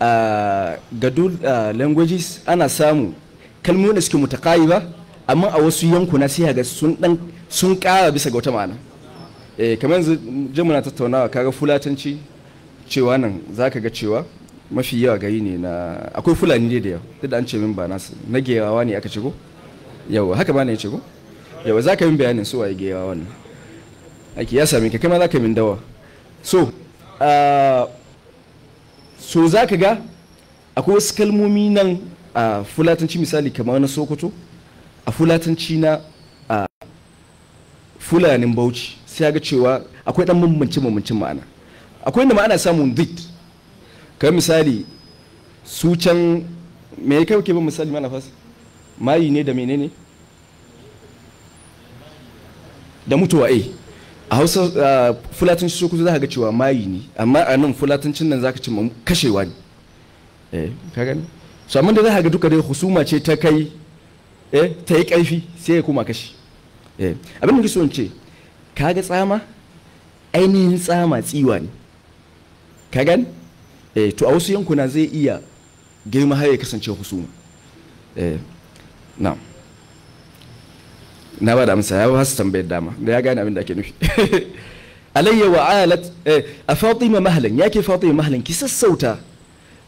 ga languages ana samu kalmomin da suke mutakayi ba amma a wasu yankuna sai ga sun dan sun kara bisa ga wata ma'ana eh kamar yanzu na tattaunawa kaga fulatanci cewa nan zaka ga cewa mafi yawa gari ne na akwai fulani ne da yawa duk da an ce min ba nasu na gerawa ne aka cigo yawa haka ba ne ya cigo yawa zaka yi bayanin su waye gerawa wannan ake ya sami ka kai ma zaka min dawa so so za ka ga akwai wasu kalmomi nan a fulatanci misali kamar na sokoto a fulatanci na a fulanin bauchi sai ga cewa akwai dan bambance bambancin ma'ana akwai inda ma'ana samun dit kamar misali su can me kai ke ba misali mana fas mayi ne da menene da mutuwa eh a hausa fulatanci kusa za a ga cewa mayi ne amma a nan fulatancin nan za ka ce kashewa ne eh ka gani so amma da za a ga duka dai husuma ce ta kai eh ta yi ƙarfi sai ya koma kashi eh abin da so in ce ka ga tsama ainihin tsama tsiwa ne ka gani eh to a wasu yankuna zai iya girma har ya kasance husuma eh na'am na ba da amsa ya ba su tambayar dama da ya gane abin da ake nufi alayya wa alat eh, a fatima mahalin ya ke fatima mahalin ki sassauta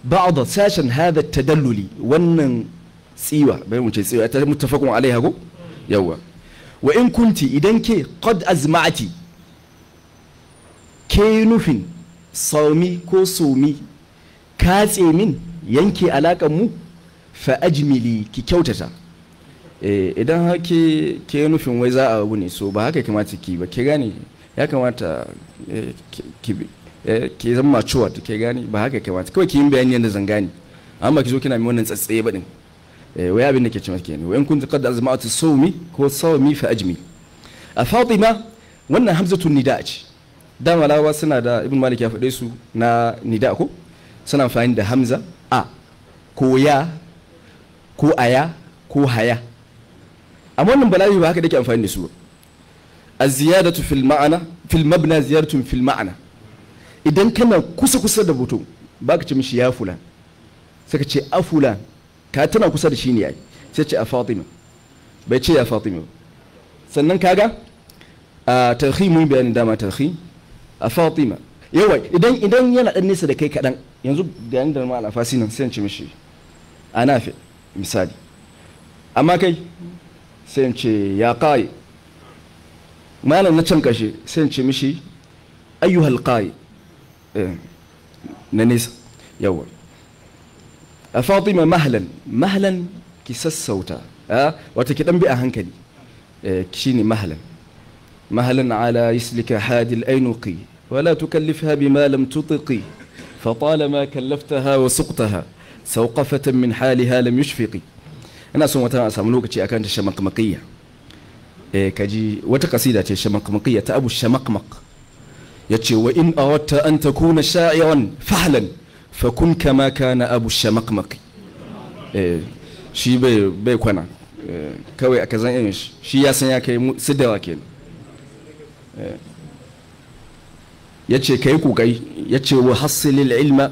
da sashen hada tadalluli wannan tsiwa bai mu ce tsiwa ta mutafakun alaiha ko yawa wa in kunti idan ke qad azma'ati ke nufin saumi ko somi katse min yanke alakan mu fa ajmili ki kyautata Eh, idan hake ke nufin wai za a abu ne so ba haka kamata ki ba ke gane ya kamata eh, ke eh, zama mature ke gane ba haka kamata kawai ki yin bayani yadda zan gane amma ki zo kina mi wannan tsatsaye ba din wai abin da ke ce maka ne wa in kunta qad azma'atu sawmi ko sawmi fa ajmi a fatima wannan hamzatun nida ce dama lawa suna da ibn malik ya faɗe su na nida ko suna amfani da hamza a ko ya ko aya ko haya amma wannan bala'i ba haka da ke amfani da su ba az-ziyadatu fil ma'ana fil mabna ziyaratun fil ma'ana idan kana kusa kusa da mutum baka ce mishi ya fulan sai ka ce a fulan ka tana kusa da shi ne yayi sai ce a fatima bai ce ya fatima sannan kaga a tarhi mun bayanin dama tarhi a fatima yawa idan idan yana dan nesa da kai kadan yanzu da yanda ma alafasi nan sai ce mishi anafi misali amma kai سينشي يا قاي ما لنا نتشنكشي سينشي مشي أيها القاي إيه. ننس يو فاطمة مهلا مهلا كيس السوتا أه وتكلم بأهنكلي إيه. كشيني مهلا مهلا على يسلك حاد الأينقي ولا تكلفها بما لم تطقي فطالما كلفتها وسقتها سوقفة من حالها لم يشفقي ina son wata a samu lokaci akan ta shamakmakiyya eh kaji wata kasida ce shamakmakiyya ta abu shamakmak yace wa in awatta an takuna sha'iran fahlan fa kun kama kana abu shamakmaki eh shi bai bai kwana eh, kawai aka zan irin shi ya san ya kai sidawa kenan eh. yace kai kokari yace wa hasilil ilma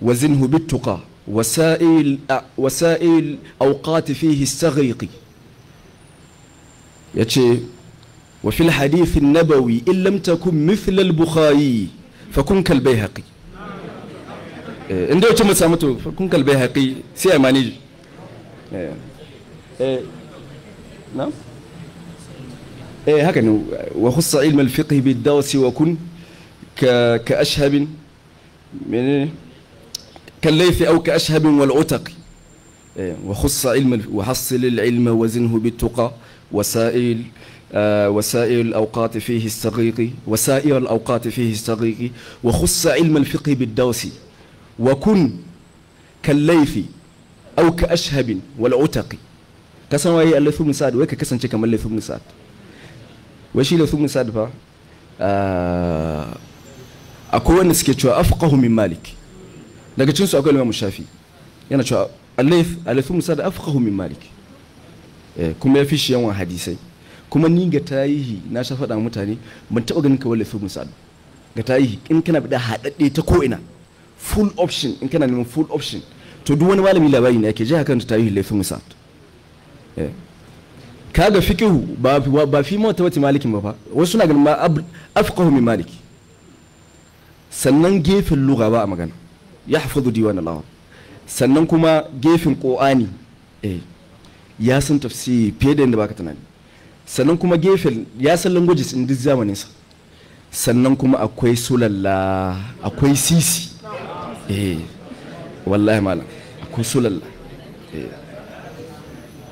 wa zinhu bituqa وسائل وسائل أوقات فيه السغيق يتشي وفي الحديث النبوي إن لم تكن مثل البخاري فكن كالبيهقي إيه، إن دوت مسامته فكن كالبيهقي سي أمانيج إيه، نعم إيه هكذا وخص علم الفقه بالدرس وكن كأشهب من إيه؟ كالليث أو كأشهب والعتق إيه، وخص علم وحصل العلم وزنه بالتقى وسائل آه، وسائر الأوقات فيه السقيق وسائر الأوقات فيه السقيق وخص علم الفقه بالدوس وكن كالليث أو كأشهب والعتق كسن وهي الليث بن سعد ويك كسن شي كمان الليث بن سعد وشي الليث بن سعد فا آه، أكون سكتشوا أفقه من مالك daga cinsu akwai imam shafi yana cewa alif alifin musa da afqahu min malik eh, kuma ya fi shi yawan hadisai kuma ni ga tarihi na sha faɗa mutane ban taɓa ganin kawai lafi musa ga tarihi in kana da haɗaɗɗe ta ko'ina full option in kana neman full option to duk wani malami labari ne yake jiha kanta tarihi lafi musa eh, kaga fikihu ba ba fi mota wata malikin ba fa wasu na ganin ma afqahu min maliki sannan gefen lugha ba a magana ya hafazu diwan lawan. sannan kuma gefen ƙo'ani eh ya san tafsiri fiye da yadda baka tunani sannan kuma gefen ya san languages in duk zamanin sa sannan kuma akwai sulalla akwai sisi eh wallahi malam akwai sulalla eh,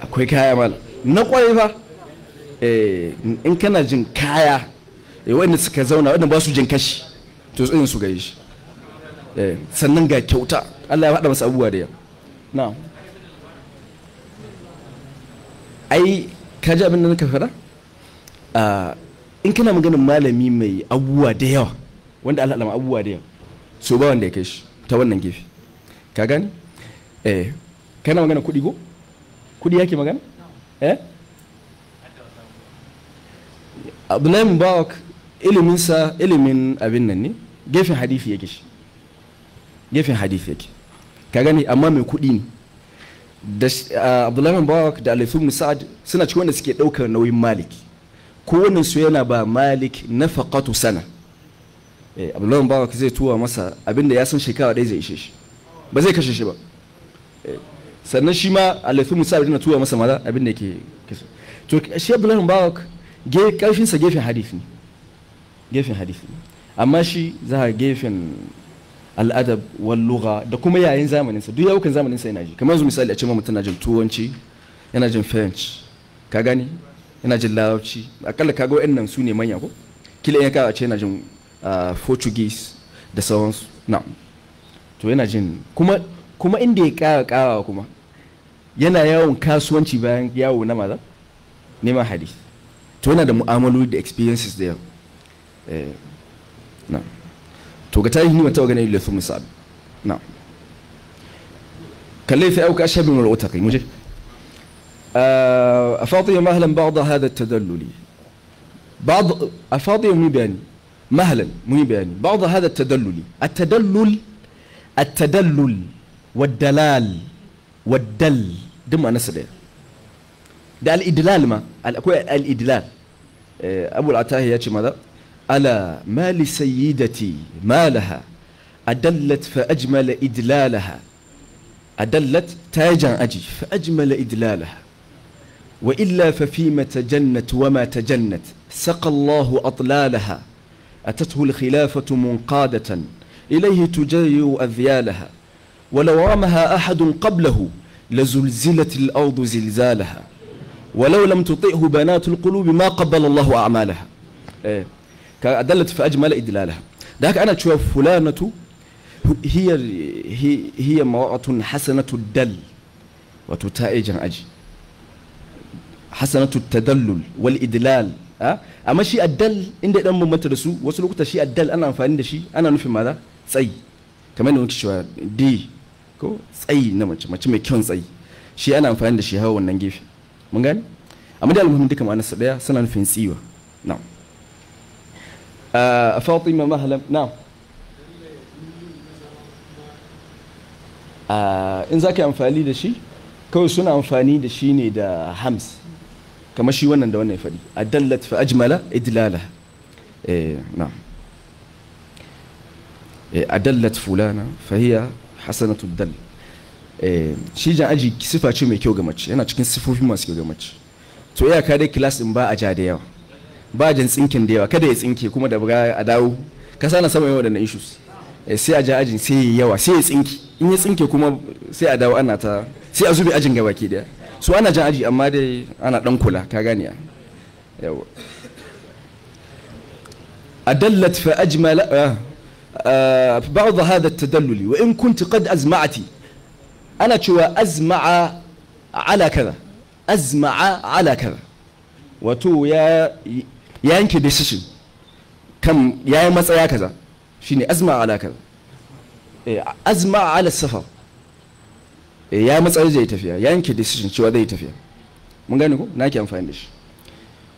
akwai kaya malam na kwarai fa eh, in kana jin kaya eh, wanda suka zauna wanda ba su jin kashi to tsayin su gare shi Eh, sannan ga kyauta Allah ya faɗa masa abubuwa da yawa na'am ai ka ji abin da nuka faɗa ah, in kana maganin malami mai abubuwa da yawa wanda Allah alama abubuwa da yawa so ba wanda ya kai shi ta wannan gefe ka gani eh kana magana kuɗi ko kuɗi yake magana eh abu na bawa iliminsa ilimin abin nan ne gefen hadisi yake shi gefen hadith yake ka gani amma mai kuɗi ne da abdullahi bawak da alifin sa'ad suna cikin wanda suke ɗaukar nauyin malik wannan su yana ba malik na faƙatu sana eh, abdullahi bawak zai tuwa masa abinda ya san shekara ɗaya zai ishe shi ba zai kashe shi ba eh, sannan shi ma alifin musa'ad yana tuwa masa mara abinda yake kisa to shi abdullahi mubarak karfinsa gefen hadith ne gefen hadith ne amma shi za a gefen al'adab wal lugha da kuma yayin zamanin sa duk yawukan zamanin sa yana ji kamar yanzu misali a ce mutum na jin turanci yana jin french ka gani yana jin larabci akalla kaga wa'annan su ne manya ko kila in ka ce yana jin ah, portuguese da sauransu na'am to yana jin kuma kuma inda ya kara kara kuma yana yawon kasuwanci bayan yawo na maza neman hadith to yana da mu'amaloli da experiences da yau eh, na'am توقتاي هني متوقع إلى ثم صاب نعم كليث أو أشهب من الوتقي مجد أفاضي آه، مهلا بعض هذا التدلل بعض أفاضي مباني مهلا مباني بعض هذا التدلل التدلل التدلل والدلال والدل دم أنا سدير ده الإدلال ما الإدلال آه، أبو العتاهي يا ماذا ألا ما لسيدتي ما لها أدلت فأجمل إدلالها أدلت تاجا أجي فأجمل إدلالها وإلا ففيما تجنت وما تجنت سقى الله أطلالها أتته الخلافة منقادة إليه تجري أذيالها ولو رمها أحد قبله لزلزلت الأرض زلزالها ولو لم تطئه بنات القلوب ما قبل الله أعمالها إيه ka dallat fi ajmal idlalaha da haka ana cewa fulanatu hiya hiya mawatun hasanatu dal wato ta'ijin aji hasanatu tadallul wal idlal amma shi addal inda dan bambanta da su wasu lokuta shi addal ana amfani da shi ana nufin maza tsayi kamar da muke cewa d ko tsayi na mace mace mai kyau tsayi shi ana amfani da shi hawa wannan gefe mun gane amma da almuhimmin duka ma'anarsa daya suna nufin tsiwa na'am فاطمة مهلم نعم in za ka yi amfani da shi kawai suna amfani da shi ne da hams kamar shi wannan da wannan ya faɗi a dallat fa ajmala idlala eh, na'am eh, a dallat fulana fahiya hasanatu dal eh, shi jan aji sifa ce mai kyau ga mace yana cikin sifofi masu kyau ga mace to ya ka dai kilas din ba a ja da yawa ba jin tsinkin da yawa kada ya tsinke kuma da buga a dawo kasa na sama yawa da na issues eh, sai a ji ajin sai ya yawa sai ya tsinke in ya tsinke kuma sai a dawo ana ta sai a zube ajin gaba ke daya su ana jan aji amma dai ana dan kula ka ya yawa أدلت فأجمل آه آه بعض هذا التدلل وإن كنت قد أزمعت أنا شو أزمع على كذا أزمع على كذا وتو يا ya yanke decision kan ya yi matsaya kaza shine azma ala kaza eh, azma ala safar eh, ya matsayi zai tafiya ya yanke decision cewa zai tafiya mun gane ko na ke amfani da shi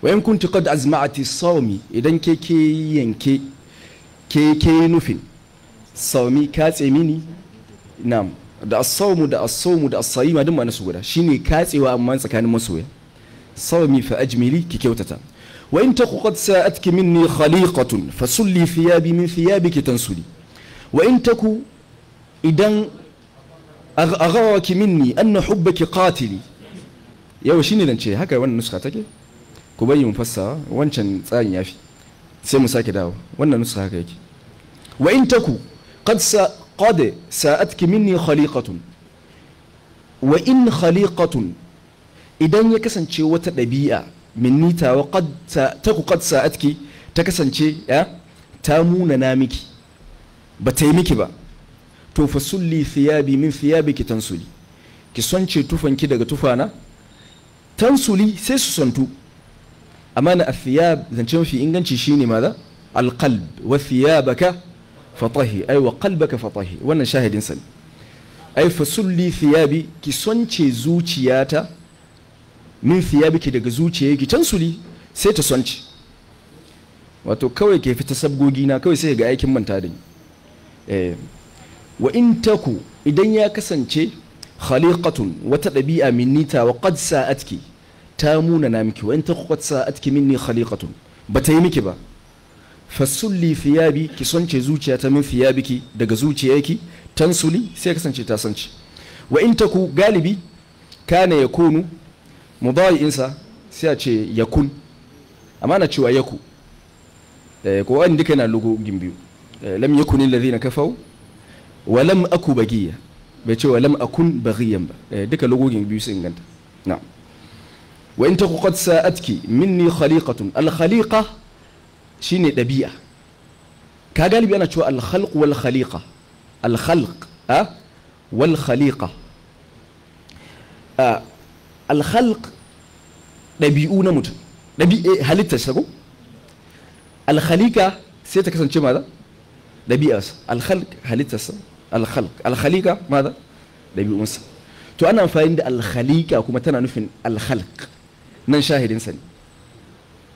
wayan kunti qad azma'ati sawmi idan ke ke yanke ke ke nufin sawmi ka tsemi ni da as-sawmu da as-sawmu da as-sayima duk ma'anar su guda shine katsewa amma tsakanin masoya sawmi fa ajmili ki kyautata وإن تق قد ساءتك مني خليقة فسلي ثيابي من ثيابك تنسلي وإن تك إذن أغرك مني أن حبك قاتلي يا وشيني لنشي هكا وانا نسخة تكي كوبي مفسرة وانشان تساني يافي سيمو ساكي داو وانا نسخة هكا يكي وإن تك قد سا قد ساءتك مني خليقة وإن خليقة إذن يكسن شي وتدبيئة nita wa qad taku qad sa'atki ta kasance ya ta munana miki ba ta yi miki ba to fa sulli thiyabi min thiyabiki tansuli ki sonce tufanki daga tufana tansuli sai su santu amma na athiyab zance mafi inganci shine maza alqalb wa thiyabaka fatahi ai wa qalbaka fatahi wannan shahidin sani ai fa sulli thiyabi ki sonce zuciyata min biki daga can suli sai ta sonci wato kawai ke fita sabgogi na kawai sai ga aikin manta da ni eh, wa in taku idan ya kasance khaliqatun wata ɗabi'a minnita wa qad sa'atki ta muna na miki wa in taku qad sa'atki minni khaliqatun ba ta yi miki ba fasulli fiyabi ki sonce zuciya ta min fiyabiki daga zuciyarki tansuli sai kasance ta sonci wa in taku galibi kana yakunu insa sai a ce yakun amma na cewa yaku eh, ko wani duka yana lugogin biyu eh, lam yakunin na kafau wa lam aku bagiya bai ce wa lam akun bagiyan ba eh, duka lugogin biyu sun inganta Na. wa in ta taku qad sa'atki minni khaliqatun al khaliqa ne ɗabi'a. ka galibi ana cewa al khalq wal khaliqa al khalq a ah, wal khaliqa ah, alhalq ɗabi'u na mutum ɗabi'a halittar sa ko alhalika sai ta kasance ma maza ɗabi'arsa alhalq halittarsa alhalq alhalika maza ɗabi'unsa to ana amfani da alhalika kuma tana nufin alhalq nan shahidinsa ne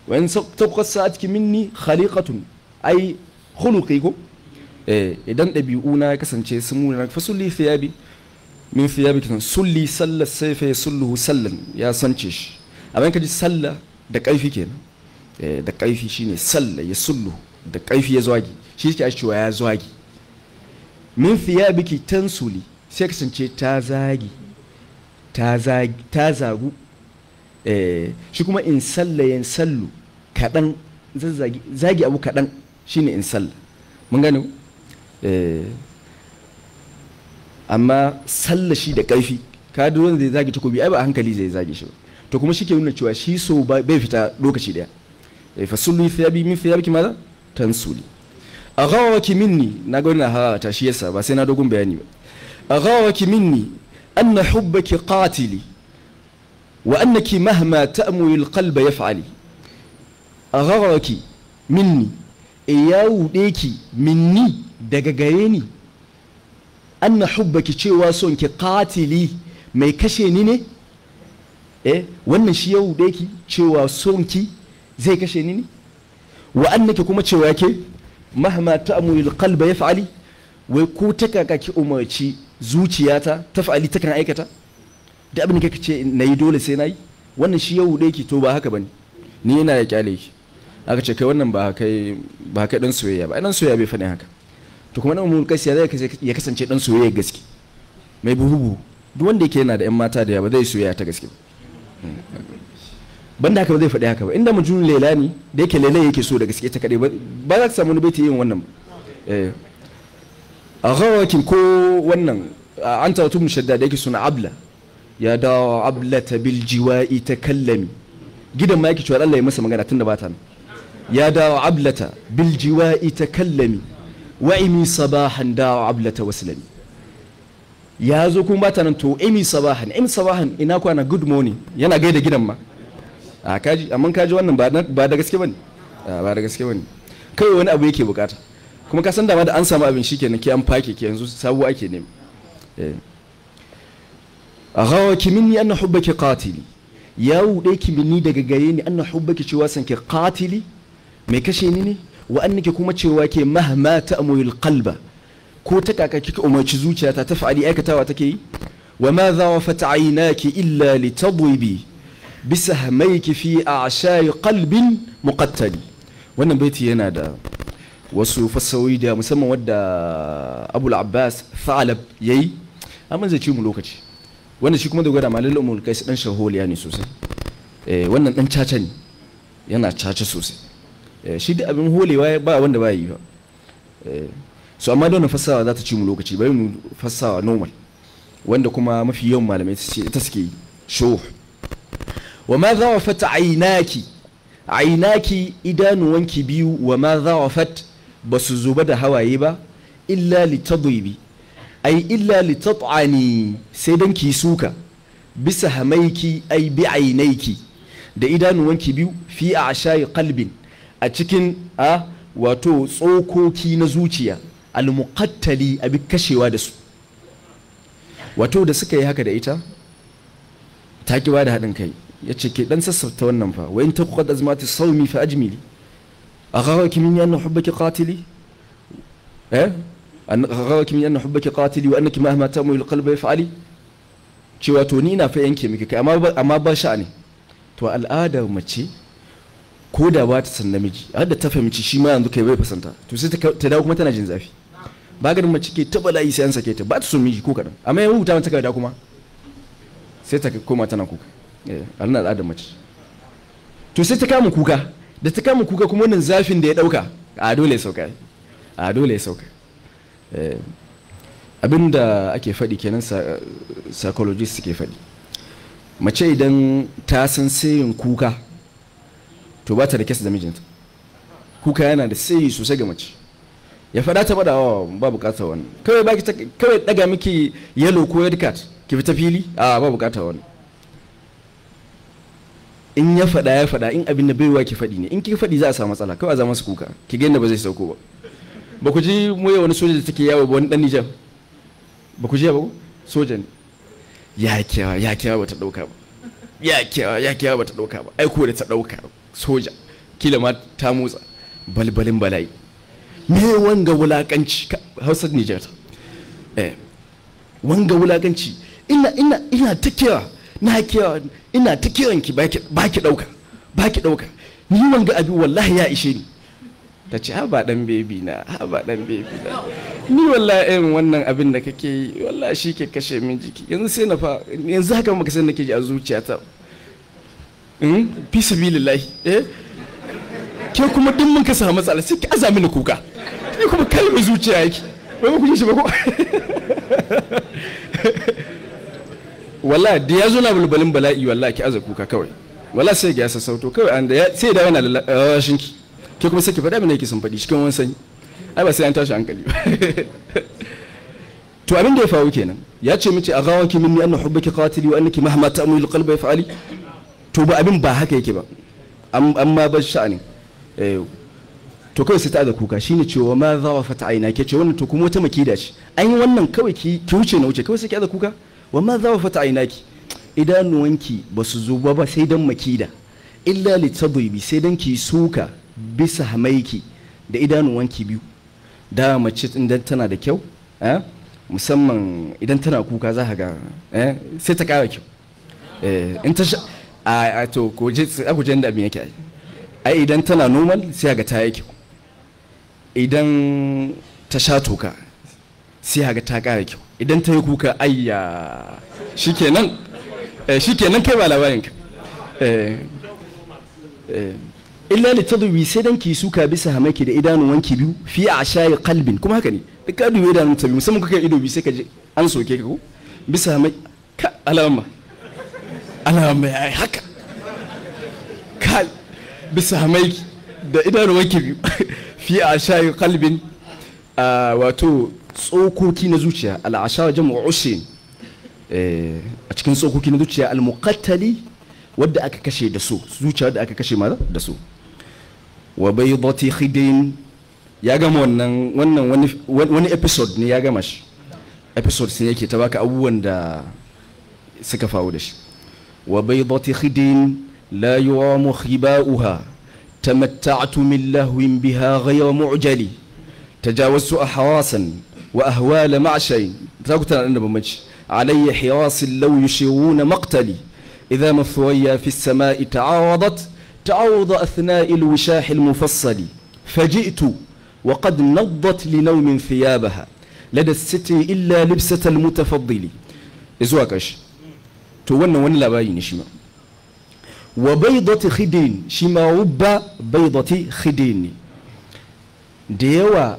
wa in tabqat ki minni khaliqatun ai khuluqi ko eh, idan ɗabi'u na kasance sun muna fasulli thiyabi min thiyabika sulli sallar sai sayfa yasulluhu sallan ya sance shi abin ka ji salla da kaifi kenan eh, da kaifi shine salla sullu da kaifi ya zwagi shi yake cewa ya zwagi min tan sulli sai ce ta zagi ta zagu eh, shi kuma in salla yan sallu kaɗan zagi abu kaɗan shine in salla mun gane amma sallashi da ƙarfi ka duron zai zage takobi ai ba hankali zai zage shi to kuma shike nuna cewa shi so bai fita lokaci daya eh, fa sulu thiyabi min thiyabiki maza tansuli aghawaki minni na ga wannan ta shi yasa ba sai na dogon bayani ba aghawaki minni anna hubbaki qatili wa annaki mahma ta'muri alqalba yaf'ali aghawaki minni iyawu eh, ya minni daga gare ni anna hubbaki cewa son ki katili mai kashe ni ne eh wannan shi yau da ki cewa son ki zai kashe ni ne wa annaki kuma cewa ke mahma kalba qalba yaf'ali wai ko ta kaka ki umarci zuciyata taf'ali takan aikata da abin kake ce nayi dole sai nayi wannan shi yau da ki to ba haka bane ni yana ya kyale ki aka ce kai wannan ba kai ba kai dan soyayya ba dan soyayya bai fadi haka to kuma na umul sai ya ya kasance dan soyayya gaske mai buhu buhu duk wanda yake yana da yan mata da yawa ba zai soyayya ta gaske hmm. banda haka ba zai faɗi haka ba inda mujun lela ne da yake lela yake so da gaske ta kaɗai ba za ta samu wani baiti yin wannan ba eh. a gawakin ko wannan an ta mu shadda da yake suna abla ya dawo abla ta bil jiwa'i ta kallami gidan ma yake cewa Allah ya masa magana tun da ba ta nan ya dawo Ablata bil jiwa'i ta kallami wa'imi sabahan da ablata waslami ya zo kuma ba ta nan to imi sabahan imi sabahan ina kwana good morning yana gaida gidan ma a kaji amma kaji wannan ba da gaske bane ba da gaske bane kai wani abu yake bukata kuma ka san dama da an samu abin shikenan ke an fake ke yanzu sabu ake nema aghawaki minni anna hubbaki qatili ya wude ki minni daga gare ni anna hubbaki cewa san ki qatili mai kashe ni ne wa nake kuma cewa ke mahma ta'muyul kalba ko ta kaka kika umarci zuciya ta ali aikatawa take yi wa ma za wa ki illa hamai ki fi a a'sha'i kalbin muqattali wannan baiti yana da wasu fassarori da musamman wadda abul abbas fa'alab yayi amma zai ci mu lokaci wanda shi kuma da gwada malal umul ɗan dan ya ne sosai eh, wannan ɗan caca ne yana caca sosai Eh, shi duk abin holewa ba wanda ba yi ba eh, so amma da fassawa za ta ci mu lokaci bari mu fassawa normal wanda kuma mafi yawan malamai ita suke show wa ma za wa fata ainaki ainaki idanuwanki biyu wa ma za wa fat ba su zuba da hawaye ba illa li tadhibi ai illa li tat'ani sai don ki suka bisa hamaiki ai bi ainaiki da idanuwanki biyu fi a ashayi kalbin. a cikin a wato tsokoki na zuciya almuqattali abin kashewa da su wato da suka yi haka da ita ta ki da haɗin kai ya ce ke ɗan sassafta wannan fa wa in ta kuka ta saumi fa ajmili a gawa kimin yana hubbaki qatili eh a gawa kimin yana hubbaki katili wa annaki mahma ta'mul qalbi fa'ali cewa to ni na fa yanke miki kai amma ba sha'ani to al'ada mace ko da ba ta san namiji har da ta fahimci shi ma yanzu kai bai fasanta to sai ta dawo kuma tana jin zafi ba ga mace ke ta bala'i sai an sake ta ba ta son miji ko kadan amma ya ta ta da kuma sai ta koma tana kuka eh, a Allah al'adar mace to sai ta kama kuka da ta kama kuka kuma wannan zafin da ya dauka a dole ya sauka a dole ya sauka eh, abin da ake faɗi kenan eh, psychologist suke faɗi mace idan ta san sayin kuka to ba ta da kyasa da mijinta kuka yana da sayi sosai ga mace ya faɗa ta bada awa oh, ba bukata wani kawai baki ta kawai daga miki yellow ko red card ki fita fili a ba bukata wani in ya faɗa ya faɗa in abin da baiwa ki faɗi ne in ki faɗi za a samu matsala kawai a zama su kuka ki ga ba zai sauko ba ba ku ji moya wani soja da take yawo ba wani dan Nijar ba ku ji ba soja ne ya kiyawa ya kiyawa ba ta ɗauka ba ya kiyawa ya kiyawa ba ta ɗauka ba aiko da ta ɗauka. ba soja kila ma ta motsa balbalin bala'i me wanga wulakanci hausar nijar eh wanga wulakanci ina ina ina ta kira na kira ina ta kiran ki baki baki dauka baki dauka ni wanga abi wallahi ya ishe ni ta ce haba dan bebi na haba dan bebi na ni wallahi irin wannan abin da kake yi wallahi shi ke kashe min jiki yanzu sai na fa yanzu haka maka sai nake ji a zuciyata Eh? fi sabilillahi eh ke kuma duk mun ka samu matsala sai ki aza na kuka ke kuma kai kalmar zuciya yake ba ku kuje shi ba ko wallahi da ya zo na bulbalin bala'i wallahi ki aza kuka kawai wallahi sai ga ya sassauto kawai an da sai da yana lalashin eh, ki ke kuma sai ki faɗa mene yake sun faɗi cikin wani sanyi ai ba sai an tashi hankali ba to abin da ya faru kenan ya ce miki a gawanki minni anna ki qatili wa annaki mahma ta'mulu qalbi fa'ali to ba abin ba haka yake ba an ma bar sha'ani eh, to kawai sai ta aza kuka shine cewa ma za wa fata aina ke ce wannan to kuma wata makida ce an yi wannan kawai ki wuce na wuce kawai sai ki aza kuka wa ma za wa fata aina ki idanuwanki ba su zo ba sai dan makida illa li tadibi sai dan ki suka bisa hamaiki da idanuwanki biyu da mace idan tana da kyau eh, musamman idan tana kuka za ka ga eh, sai ta kara kyau in ta a to ku je ku je inda yake ai idan tana normal sai ga ta yake idan ta sha toka sai ga ta kara kyau idan ta yi kuka ayya shikenan eh, shikenan kai ba labarin ka eh, eh. illa li tadwi sai dan ki suka bisa hamaki da wanki biyu fi ashai qalbin kuma haka ne duk ka dubi idanun ta biyu musamman kuka ido biyu sai ka je an soke ka ko bisa hamaki ka alama ana mai ai haka kal bisa hamaiki da wake biyu fi a shayi kalbin wato tsokoki na zuciya al'asha jama'a ushin eh, a cikin tsokoki na zuciya al-muqattali wadda aka kashe da su zuciya wadda aka kashe ma da su wa bai baydati hidin ya gama wannan wannan wani episode ne ya gama shi episode sun yake ta baka abubuwan da suka faru da shi وبيضة خد لا يرام خباؤها تمتعت من لهو بها غير معجل تجاوزت أحراسا وأهوال معشي علي حراس لو يشيرون مقتلي إذا ما الثريا في السماء تعارضت تعرض أثناء الوشاح المفصل فجئت وقد نضت لنوم ثيابها لدى الستر إلا لبسة المتفضل إزواكش to wannan wani labari ne shi ma wa baidati khidin shi ma wubba baidati khidin ne da yawa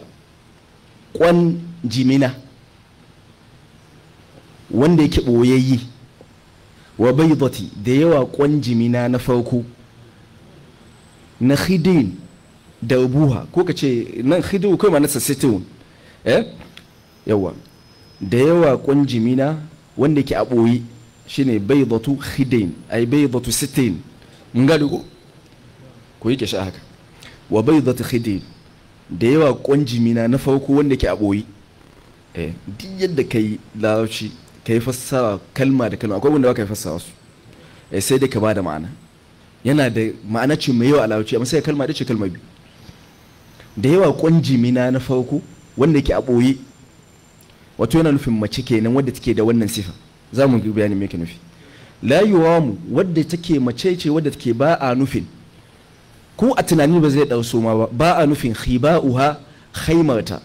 kwan jimina wanda yake boyayye wa baidati da yawa kwan jimina na farko na khidin da buha ko ka ce nan khidu kai ma na sassitun eh yawa da yawa kwan jimina wanda yake a boye shine baydatu khidain ay baydatu sittin mun ko yake shi haka wa baydatu khidain da yawa kwanjimina na farko wanda ke a boyi eh duk yadda kai larabci kai fassara kalma da kalma akwai wanda baka fassara su eh sai dai ka bada ma'ana yana da ma'ana ce mai yawa a larabci amma sai kalma da ce kalma biyu da yawa kwanjimina na farko wanda ke a boye wato yana nufin mace kenan wadda take da wannan sifa za mu yi bayanin mai nufi la mu wadda take mace ce wadda take ba a nufin ko a tunani ba zai dau soma ba ba a nufin khiba'uha khaimarta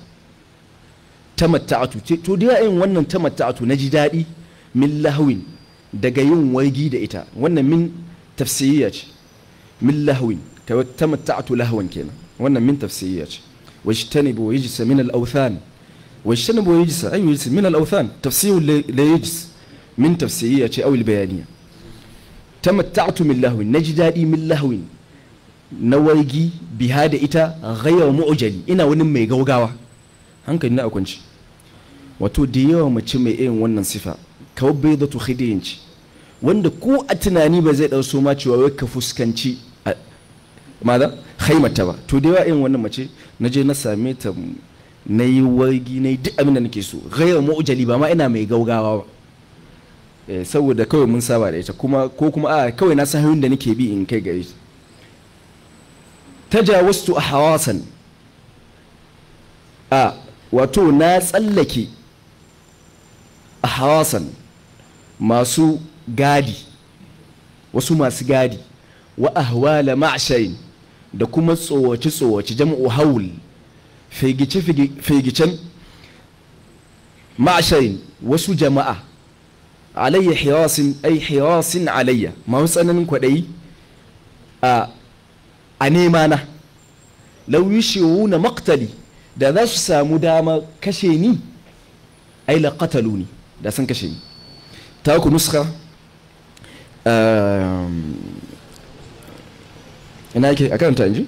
tamatta'atu to da yin wannan tamatta'atu na ji daɗi min lahawin daga yin wargi da ita wannan min tafsiriya ce min lahawin tamatta'atu lahawan kenan wannan min tafsiriya ce wajtanibu yajsa min al-awthan wajtanibu yajsa ay yajsa min al-awthan tafsirul la yajsa min tafsiriya ce awil bayaniya Ta tamatta'tu min lahwin ji daɗi min lahwin na wargi biha da ita ghayar mu'jali ina wani mai gaugawa hankali na akwanci wato da yawa mace mai irin wannan sifa kawai bai da tuhidiyin ci wanda ko a tunani ba zai ɗau ma cewa wai ka fuskanci mada haimata ba to da yawa irin wannan mace na je na same ta na yi wargi na yi duk abin da nake so ghayar mu'jali ba ma ina mai gaugawa ba Eh, saboda kawai mun saba da ita kuma ko kuma a kawai na sahihin da nake bi in kai ga ta tajawaztu hawasan a wato na tsallake hawasan masu gadi wasu masu gadi wa ahwala ma'shayin da kuma tsowace tsowace jam'u haul firgice firgicen ma'shayin wasu jama'a alayya hiyasin ai hiyasin alayya masu tsananin kwaɗayi a a nema na lau yushiwu na maktali da za su samu dama kashe ni ai la ne ni da sun kashe ni ta ku nuska ehm, ina yake a karanta inji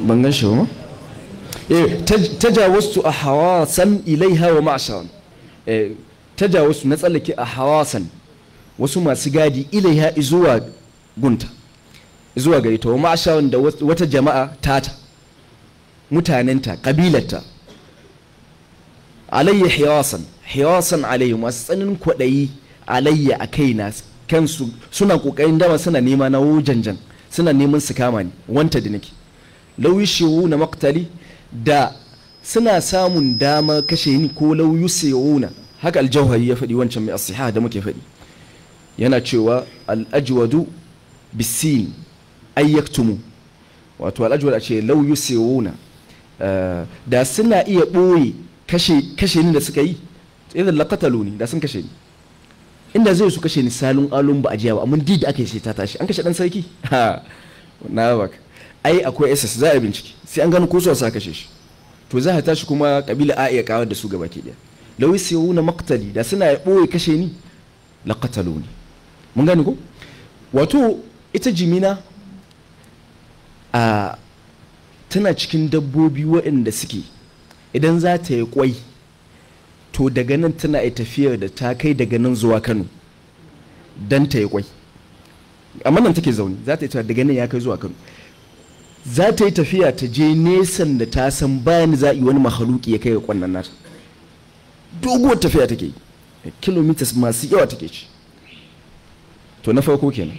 ban gan shi ba ma eh, su a san ilaiha wa ma'asharan Eh, ta su na tsallake a hawasan wasu masu gadi ilaiha zuwa gunta zuwa gari ta wa da wata jama'a tata mutanenta kabilarta alayya hiyasan hiyasan alayya masu tsanin kwaɗayi alayya a kai na kansu suna ƙoƙarin dama suna nema na wujanjan suna neman su kama ni wanta da nake wu na maktali da suna samun dama kashe ni ko lauyu yusiruna haka aljauhari ya faɗi wancan mai asiha da muke faɗi yana cewa al'ajwadu bisin ayyaktumu wato al'ajwad a ce lauyu yusiruna eh, da suna iya ɓoye kashe ni da suka yi idan laƙatalo ne da sun kashe ni inda zai su kashe ni salun alun ba a jiya ba amma di da aka yi sai ta tashi an kashe dan sarki ha na bak ai akwai ss za a bincike sai an gano ko su sa kashe shi to za a tashi kuma kabila a iya kawar da su gaba ke daya lawi na maktali da suna ya ɓoye kashe ni la ne mun gane ko wato ita jimina a tana cikin dabbobi waɗanda suke idan za ta yi kwai to daga nan tana yi tafiyar da ta kai daga nan zuwa kano don ta yi kwai amma nan take zaune za ta yi daga nan ya kai zuwa kano za ta yi tafiya ta je nesan da ta san bayan za a yi wani mahaluki ya kai ga kwannan nata doguwar tafiya take yi kilomitas masu yawa take ci to na farko kenan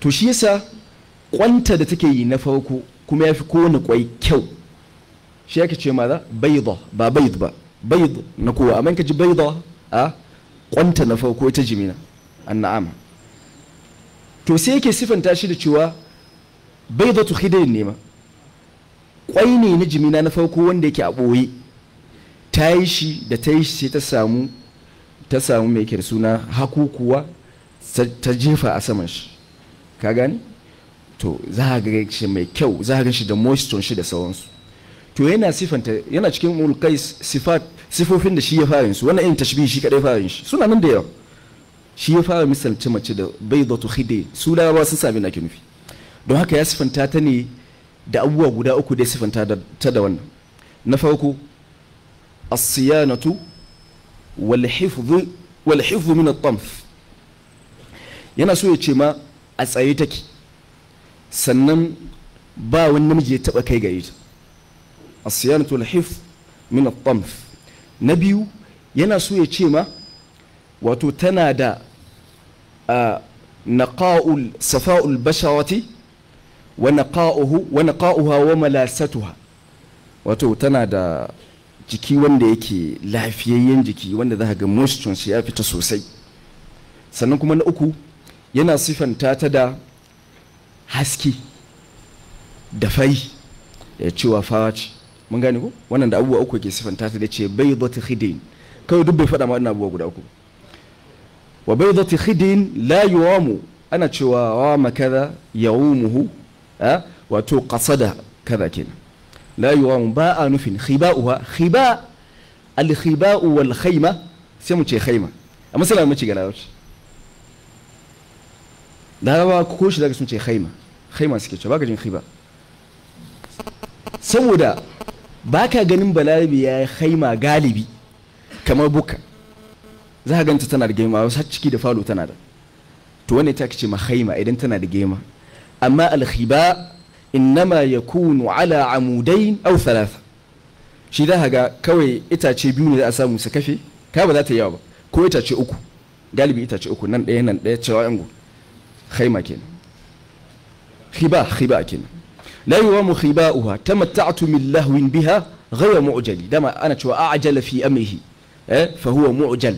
to shi yasa kwanta da take yi na farko kuma ya fi kowane kwai kyau shi yake ce maza bayidwa ba baid ba baid na kowa amma ka ji bayidwa a kwanta na farko ita jimina na'ama. to sai yake sifanta shi da cewa bai zato hidirin ne ma kwai ne na jimina na farko wanda yake a ɓoye ta yi shi da ta yi shi ta samu ta samu mai kyar suna kuwa ta jefa a saman shi ka gani to za a ga shi mai kyau za a ga shi da moisture shi da sauransu to yana sifanta yana cikin mulkai sifat sifofin da shi ya fara su wannan irin tashbihi shi kadai fara shi suna nan da yawa shi ya fara misalci mace da baydatu khide su ba sun sami na ke nufi don haka ya sifanta ta ne da abubuwa guda uku da ya sifanta ta da wannan na farko asiyanatu wal hifzu min at-tamf yana so ya ce ma a tsaye take sannan ba wani namiji ya taba kai gare ta asiyanatu wal hifz min at-tamf na biyu yana so ya ce ma wato tana da ah, naqa'ul safa'ul basharati wa wa naqa'uha wa malasatuha wato tana da jiki wanda yake lafiyayyen jiki wanda za ga moisture shi ya fita sosai sannan kuma na uku yana sifanta ta da haske da fai ya cewa ce mun gane ko wannan da abubuwa uku ke sifanta ta da ce bai khidin kai kawai duk bai faɗa ma ina abubuwa guda uku wa bai khidin la yuwamu ana cewa wa makaza yawumuhu Eh? wato kasada kaza kenan la wa ba a nufin khiba'uha khiba al khiba'u wal khaima sai mu ce khaima a masala mu ci ga larabci larabawa ko shi zaka sun ce khaima khaima suke ce baka jin khiba saboda baka ganin balarabi ya yi khaima galibi kamar buka za ka ganta tana da gema wasu ciki da falo tana da to wanda ta ce ma khaima idan tana da gema amma alkhiba innama yakunu ala amudain aw thalatha shi za ga kawai itace biyu ne za a samu su kafe ka ba za ta yawa ba ko itace uku galibi itace uku nan ɗaya nan ɗaya cewa yango khaima kenan khiba khiba kenan la yuwamu khiba'uha tamatta'tu min lahwin biha ghayra mu'jali dama ana cewa a'jala fi amrihi eh fa huwa mu'jal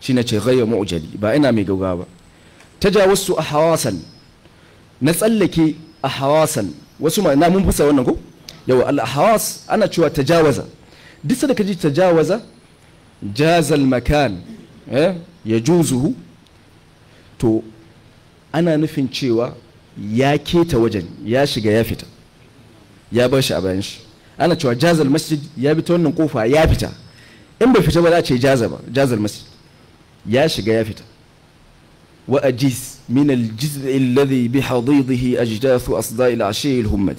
shine ce ghayra mu'jali ba ina mai gaugawa tajawaztu ahwasan na tsallake a hawasan wasu ma'ana mun fusa wannan ko yau al-hawas ana cewa tajawaza duk da kaji tajawaza jazal makan eh, ya juzuhu to ana nufin cewa ya keta wajen ya shiga ya fita ya bar shi a bayan shi ana cewa jazal masjid ya bi ta wannan kofa ya fita in bai fita ba za a ce jaza ba jazal masjid ya shiga ya fita وأجز من الجزء الذي بحضيضه أجداث أصداء العشي الهمة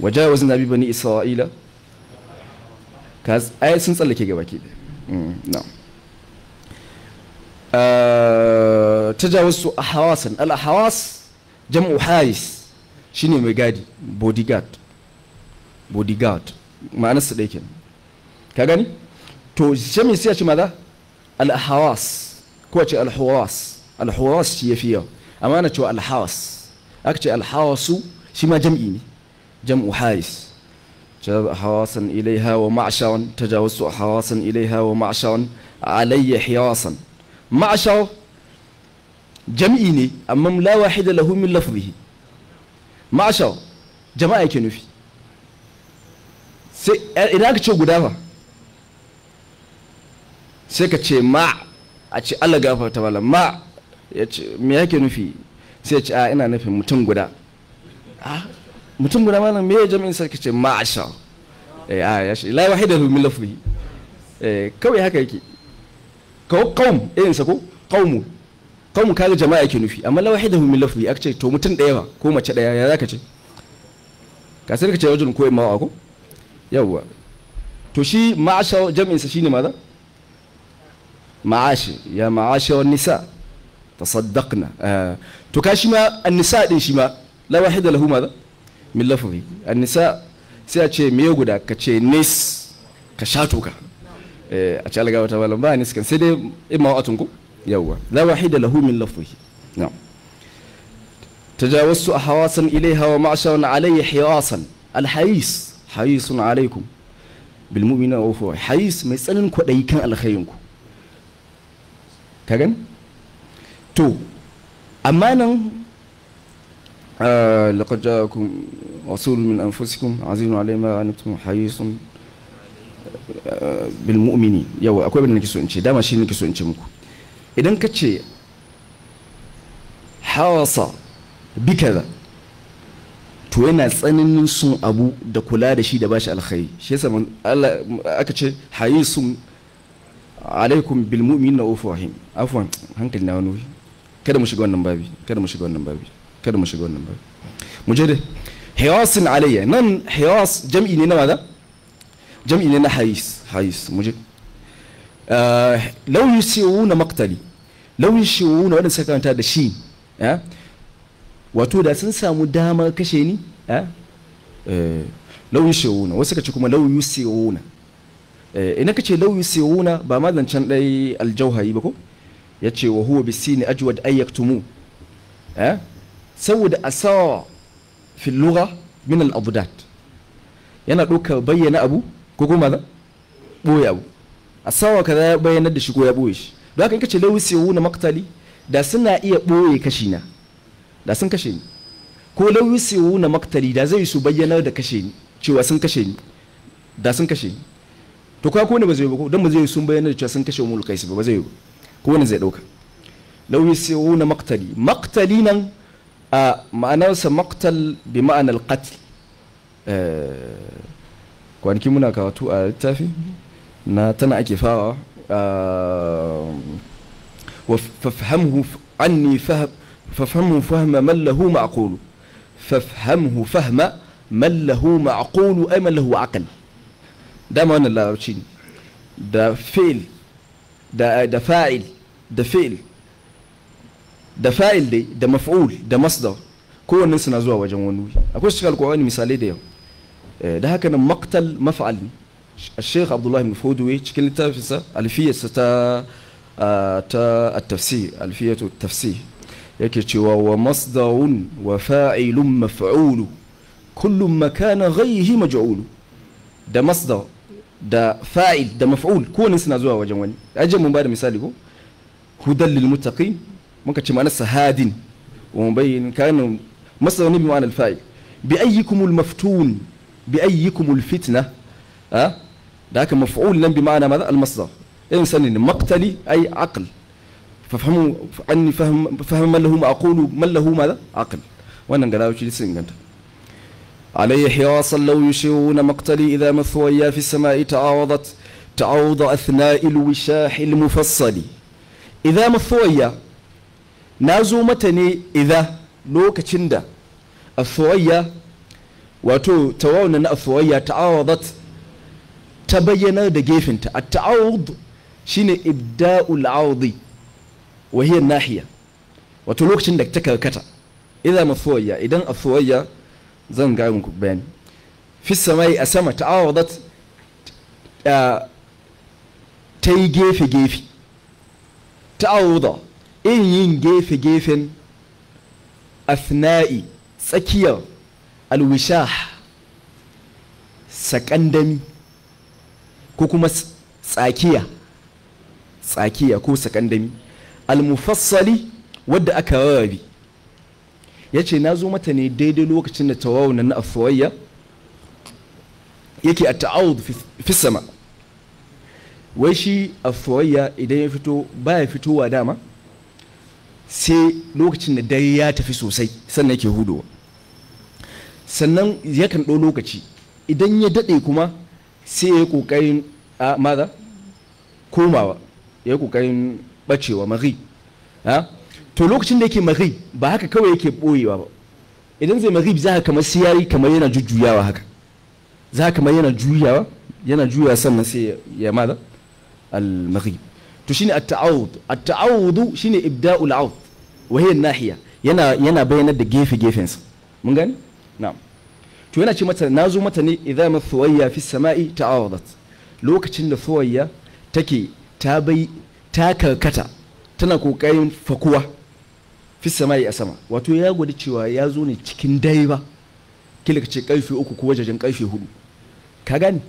وجاوزنا ببني إسرائيل كاز آية سنسأل لك يا نعم تجاوز تجاوزت أحراسا جمع حايس shine mai بودي bodyguard بودي ma'anarsa ما kenan ka كاغاني تو jami sai ماذا ce kuwa ce alhuras alhuras shi ya fi yawa amma na cewa alhawas aka ce alhawasu shi ma jam'i ne jam'u haris hawasan ilai hawa ma'ashawan su hawasan ilai hawa ma'ashawan alayya hirasan ma'ashar jam'i ne amma la wahida lahu min lafzihi ma'ashar jama'a yake nufi sai idan aka ce guda fa sai ka ce ma' a ce Allah gafarta malam ma ya ce me yake nufi sai ya ce a ina nufin mutum guda a mutum guda malam me ya jami'in sarki ce ma asha eh a ya shi la wahidahu min lafzi eh kawai haka yake kawo qaum irin sa ko qaumu qaumu kaga jama'a yake nufi amma la wahidahu min lafzi aka ce to mutum daya ba ko mace daya ya zaka ce ka sai ka ce wajen koyi mawa ko yawwa to shi ma'asha jami'in sa shine maza ma'ashi ya ma'ashi wa nisa tasaddaqna to ka shi ma annisa din shi ma la wahida lahu ma min lafazi annisa sai a ce me guda ka ce nis ka sha a ce alga wata malam ba nis kan sai dai imma wa'atun ku yawwa la wahida lahu min lafazi na'am تجاوزت أحواسا إليها ومعشرا علي حراسا الحريص حريص عليكم بالمؤمنين رؤوف حريص ما يسألن كو داي كان الخيرنكم ka to amma nan لقد جاءكم رسول من انفسكم عزيز عليه ما انتم حريص bilmumini yawa akwai abin da nake so in ce dama shi nake so in ce muku idan ka ce hawasa da to yana tsananin sun abu da kula da shi da bashi alkhairi shi yasa Allah aka ce hayisun alaikum bilmu'mini na ufu rahim afwan hankali na wani kada mu shiga wannan babi kada mu shiga wannan babi kada mu shiga wannan babi mu je da hewasin alayya nan hewas jam'i ne na wada jam'i ne na hayis hayis mu je eh, law yusiwuna maktali law na wadanda suka karanta da shi eh? wato da sun samu dama kashe ni eh? law na wasu ka ce kuma law yusiwuna ina kace law na ba ma zancen dai aljauhayi ba ko ya ce wa huwa bisini ajwad ayyaktumu eh saboda sawa fil lugha min al yana ɗauka bayyana abu ko kuma boye abu sawa kaza ya bayyana da shi ko ya ɓoye shi don haka in lewis lawisi na maktali da suna iya ɓoye kashi na da sun kashe ni ko lawisi na maktali da zai su bayyana da kashe ni cewa sun kashe ni da sun kashe ni to kwa ko ne ba zai ba ko don ba zai sun bayyana da cewa sun kashe mulkai ba ba zai ba ko wani zai ɗauka lauyi sai wuna maktali maktali nan a ma'anarsa maktal bi ma'anar qatl eh, ki muna karatu a littafi na tana ake fawa wa fafhamhu anni fafhamhu fahma man lahu ma'qulu fafhamhu fahma man lahu ma'qulu ay man lahu aqal dama wannan larabci da fil da da fa'il da fa'il da fa'il dai da maf'ul da masdar kowannen suna zuwa wajen wani akwai su cikin alkur'ani misalai da yau eh, da haka maktal maf'al ne الشيخ عبد الله بن cikin littafinsa alfiyarsa ta ta at-tafsir yake cewa wa masdarun wa fa'ilun maf'ulu kullum makana ghayrihi maj'ulu da masdar da fa'il da maf'ul kowanne suna zuwa wajen wani ajin mu ba da misali ko هدى للمتقين ممكن تشمعنى سهاد ومبين كان مصدر بمعنى الفاعل بأيكم المفتون بأيكم الفتنة أه؟ ذاك مفعول لم بمعنى ماذا المصدر إنسان مقتلي أي عقل ففهموا عني فهم فهم من له ما أقول من له ماذا عقل وأنا نقراو شيء سنجنت عليه حراسا لو يشيرون مقتلي إذا مثويا في السماء تعارضت تعارض أثناء الوشاح المفصل idza mathuwayya na zo mata ne idza lokacin da athuwayya wato tawawun na athuwayya ta'awadat ta bayyana da gefinta at ta'awud shine ibda'ul awdi wa hiya nahiya wato lokacin da ta karkata idza mathuwayya idan athuwayya zan ga muku bayani fi samai a sama ta'awadat ta yi gefe-gefe ta'awuda in yin gefe-gefen athna'i tsakiyar alwishah sakandami ko kuma tsakiya tsakiya ko sakandami almufassali wadda aka rarrabe ya ce na zo mata ne daidai lokacin da tawawunan na afuwayya yake a ta'awud fi sama wai shi a soyayya idan ya fito ba fito fitowa dama sai lokacin da dare ya tafi sosai sannan yake hudowa sannan yakan ɗau lokaci idan ya daɗe kuma sai ya yi ƙoƙarin a maza komawa ya yi ƙoƙarin ɓacewa mari to lokacin da yake mari ba haka kawai yake ɓoyewa ba idan zai mari za kamar sai ya yi kamar yana jujjuyawa haka za kamar yana juyawa yana juyawa sannan sai ya maza al to shine at-ta'awud at-ta'awud shine ibda'ul awd wa hiya nahiya yana yana bayyana da gefe gefen sa mun gani na'am to yana ce mata nazo mata ne idza ma thuwayya fi samai ta'awadat lokacin da thuwayya take ta bai ta karkata tana kokarin fakuwa fi samai a sama wato ya gwada cewa ya zo ne cikin dare ba ce karfe uku ko wajajen karfe hudu ka gani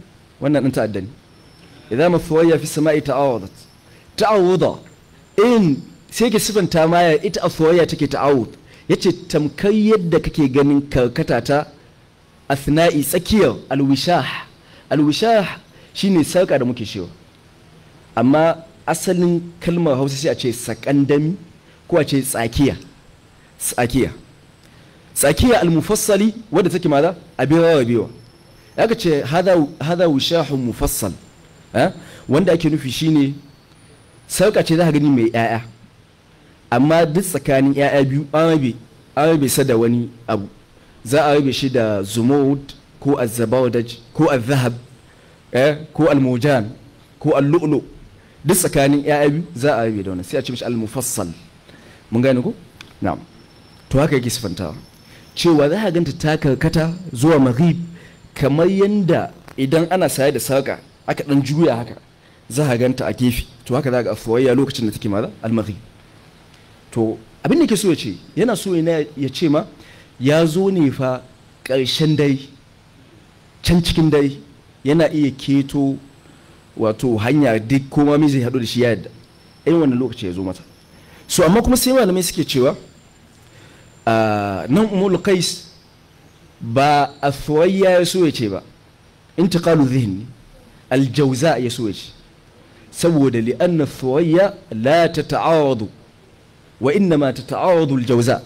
wannan dan ta'adda ne idan matsuwayya fi sama'i ta'awadat ta'awuda in sai ke sifanta maya ita a soyayya take ta'awud yace tamkar yadda kake ganin karkata ta asna'i tsakiyar alwishah alwishah shine sarka da muke cewa amma asalin kalmar hausa sai a ce sakandami ko a ce tsakiya tsakiya tsakiya almufassali wadda take maza abin rarrabewa ya ce hada wushahun mufassal Eh? wanda ake nufi shine sarka ce za ka gani mai 'ya'ya amma duk tsakanin 'ya'ya biyu an rabe an rabe sa da wani abu za a rabe shi da zumud ko azabawadaj ko azahab eh? ko almujan ko allu'lu duk tsakanin 'ya'ya biyu za a rabe da wani sai a ce mishi almufassal mun gane ko na'am to haka yake sifantawa cewa za a ganta ta karkata zuwa maghrib kamar yanda idan ana saye da sarka aka dan juya haka za a ganta a gefe to haka za ga fuwayya lokacin da take maza almari to abin da ke so ya ce yana so ya ce ma ya zo ne fa ƙarshen dai can cikin dai yana iya keto wato hanya duk koma mai zai haɗu da shi ya yadda irin wannan lokaci ya zo mata so amma kuma sai malamai suke cewa nan umul qais ba a ya so ya ce ba intiqalu dhihni aljauza ya so ya shi saboda li'anna thuwayya la ta ta'awadu wa inna ma ta'awadu aljauza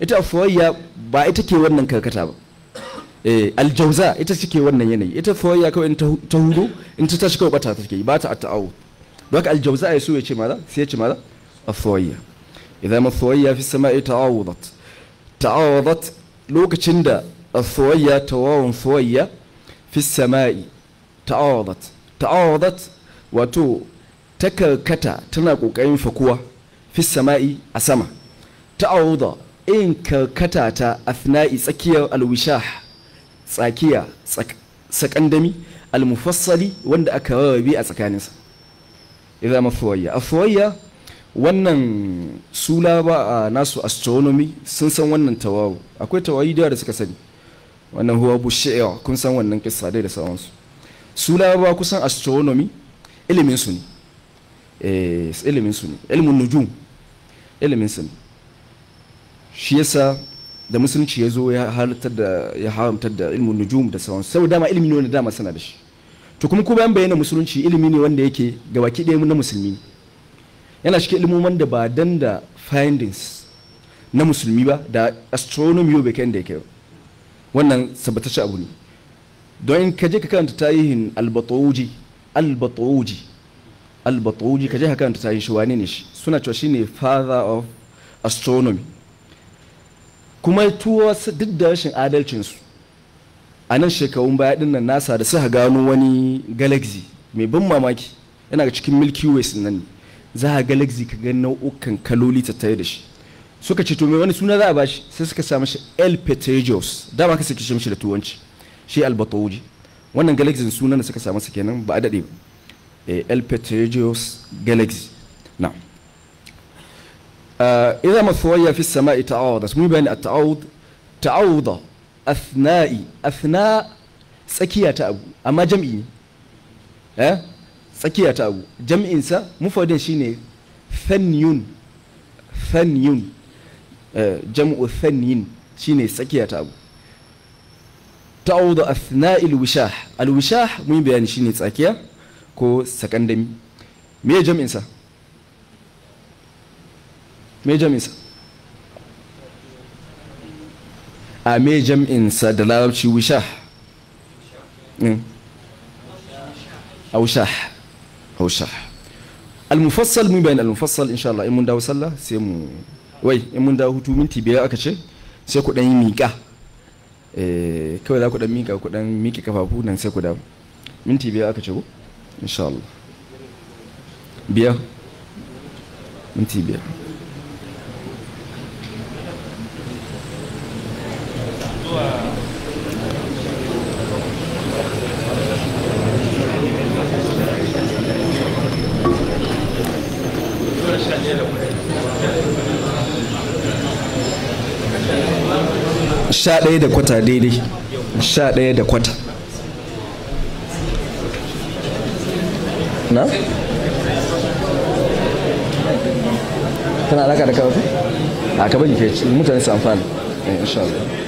ita thuwayya ba ita ke wannan karkata ba aljauza ita ce ke wannan yanayi ita thuwayya kawai ta hudu in ta tashi kawai bata take ba ta ta'awud ba ka aljauza ya so ya ce maza sai ya ce ma الثوية fi ما الثوية في السماء تعاوضت تعاوضت لوك تشندا الثوية تواو ثوية في السماء ta'awadat ta'awadat wato ta tana kokarin fakuwa fi sama'i a sama ta'awada in karkata ta afna'i tsakiyar alwishah tsakiya sakandami almufassali wanda aka rarrabe a tsakaninsa idan mafuwayya afuwayya wannan su ba a nasu astronomy sun san wannan tawaro akwai tawari da suka sani wannan huwa bushe'a kun san wannan kissa dai da sauransu su laraba kusan astronomy ilimin su ne eh, ilimin su ne ilimin nujum ilimin su ne shi yasa da musulunci ya zo ya haramtar da ya haramtar da ilimin nujum da sauran saboda dama ilimi ne wanda dama sana da shi to kuma ko bayan bayyana musulunci ilimi ne wanda yake gabaki ɗaya na musulmi yana cikin ilimin da ba dan da findings na musulmi ba da astronomy yau bai kai da yake wannan sabbatace abu ne don in ka je ka karanta tarihin Albatoji albatoji albatoji ka je ka karanta tarihin shi wane ne shi suna cewa ne father of astronomy kuma tuwa duk da rashin adalcinsu a nan shekarun baya din nan nasa da suka gano wani galaxy mai ban mamaki yana ga cikin milky way nan ne za a galaxy ka ga nau'ukan kaloli tattare da shi suka ce to mai wani suna za a bashi sai suka samu shi el petejos dama ka sake shi da tuwanci shi albatoji wannan galaxy sunan da suka samu su kenan ba a daɗe ba el eh, petrogeos galaxy na eh, idan masu wayar fi sama'i ita awada su bayani a ta'awud ta'awuda athna'i athna tsakiya ta abu amma jam'i ne eh tsakiya ta abu jam'in sa mufadin shine fanyun fanyun eh, jam'u fanyin shine tsakiya ta abu ta'awudu athna alwishah alwishah mun bayani shine tsakiya ko sakandami me jam'in sa me jam'in sa a me jam'in sa da larabci wishah hmm. aushah aushah almufassal mun bayani almufassal insha Allah in mun dawo sallah sai mu wai in mun dawo hutu minti biyar aka ce sai ku dan yi miƙa Eh, kawai za ku dan mika ku dan miki kafafu nan sai ku da minti biyar aka ce ku insha Allah biyar minti biyar sha ɗaya da kwata daidai sha ɗaya da kwata na? tana alaka da kawai? a ka bari mutane su amfani eh, insha Allah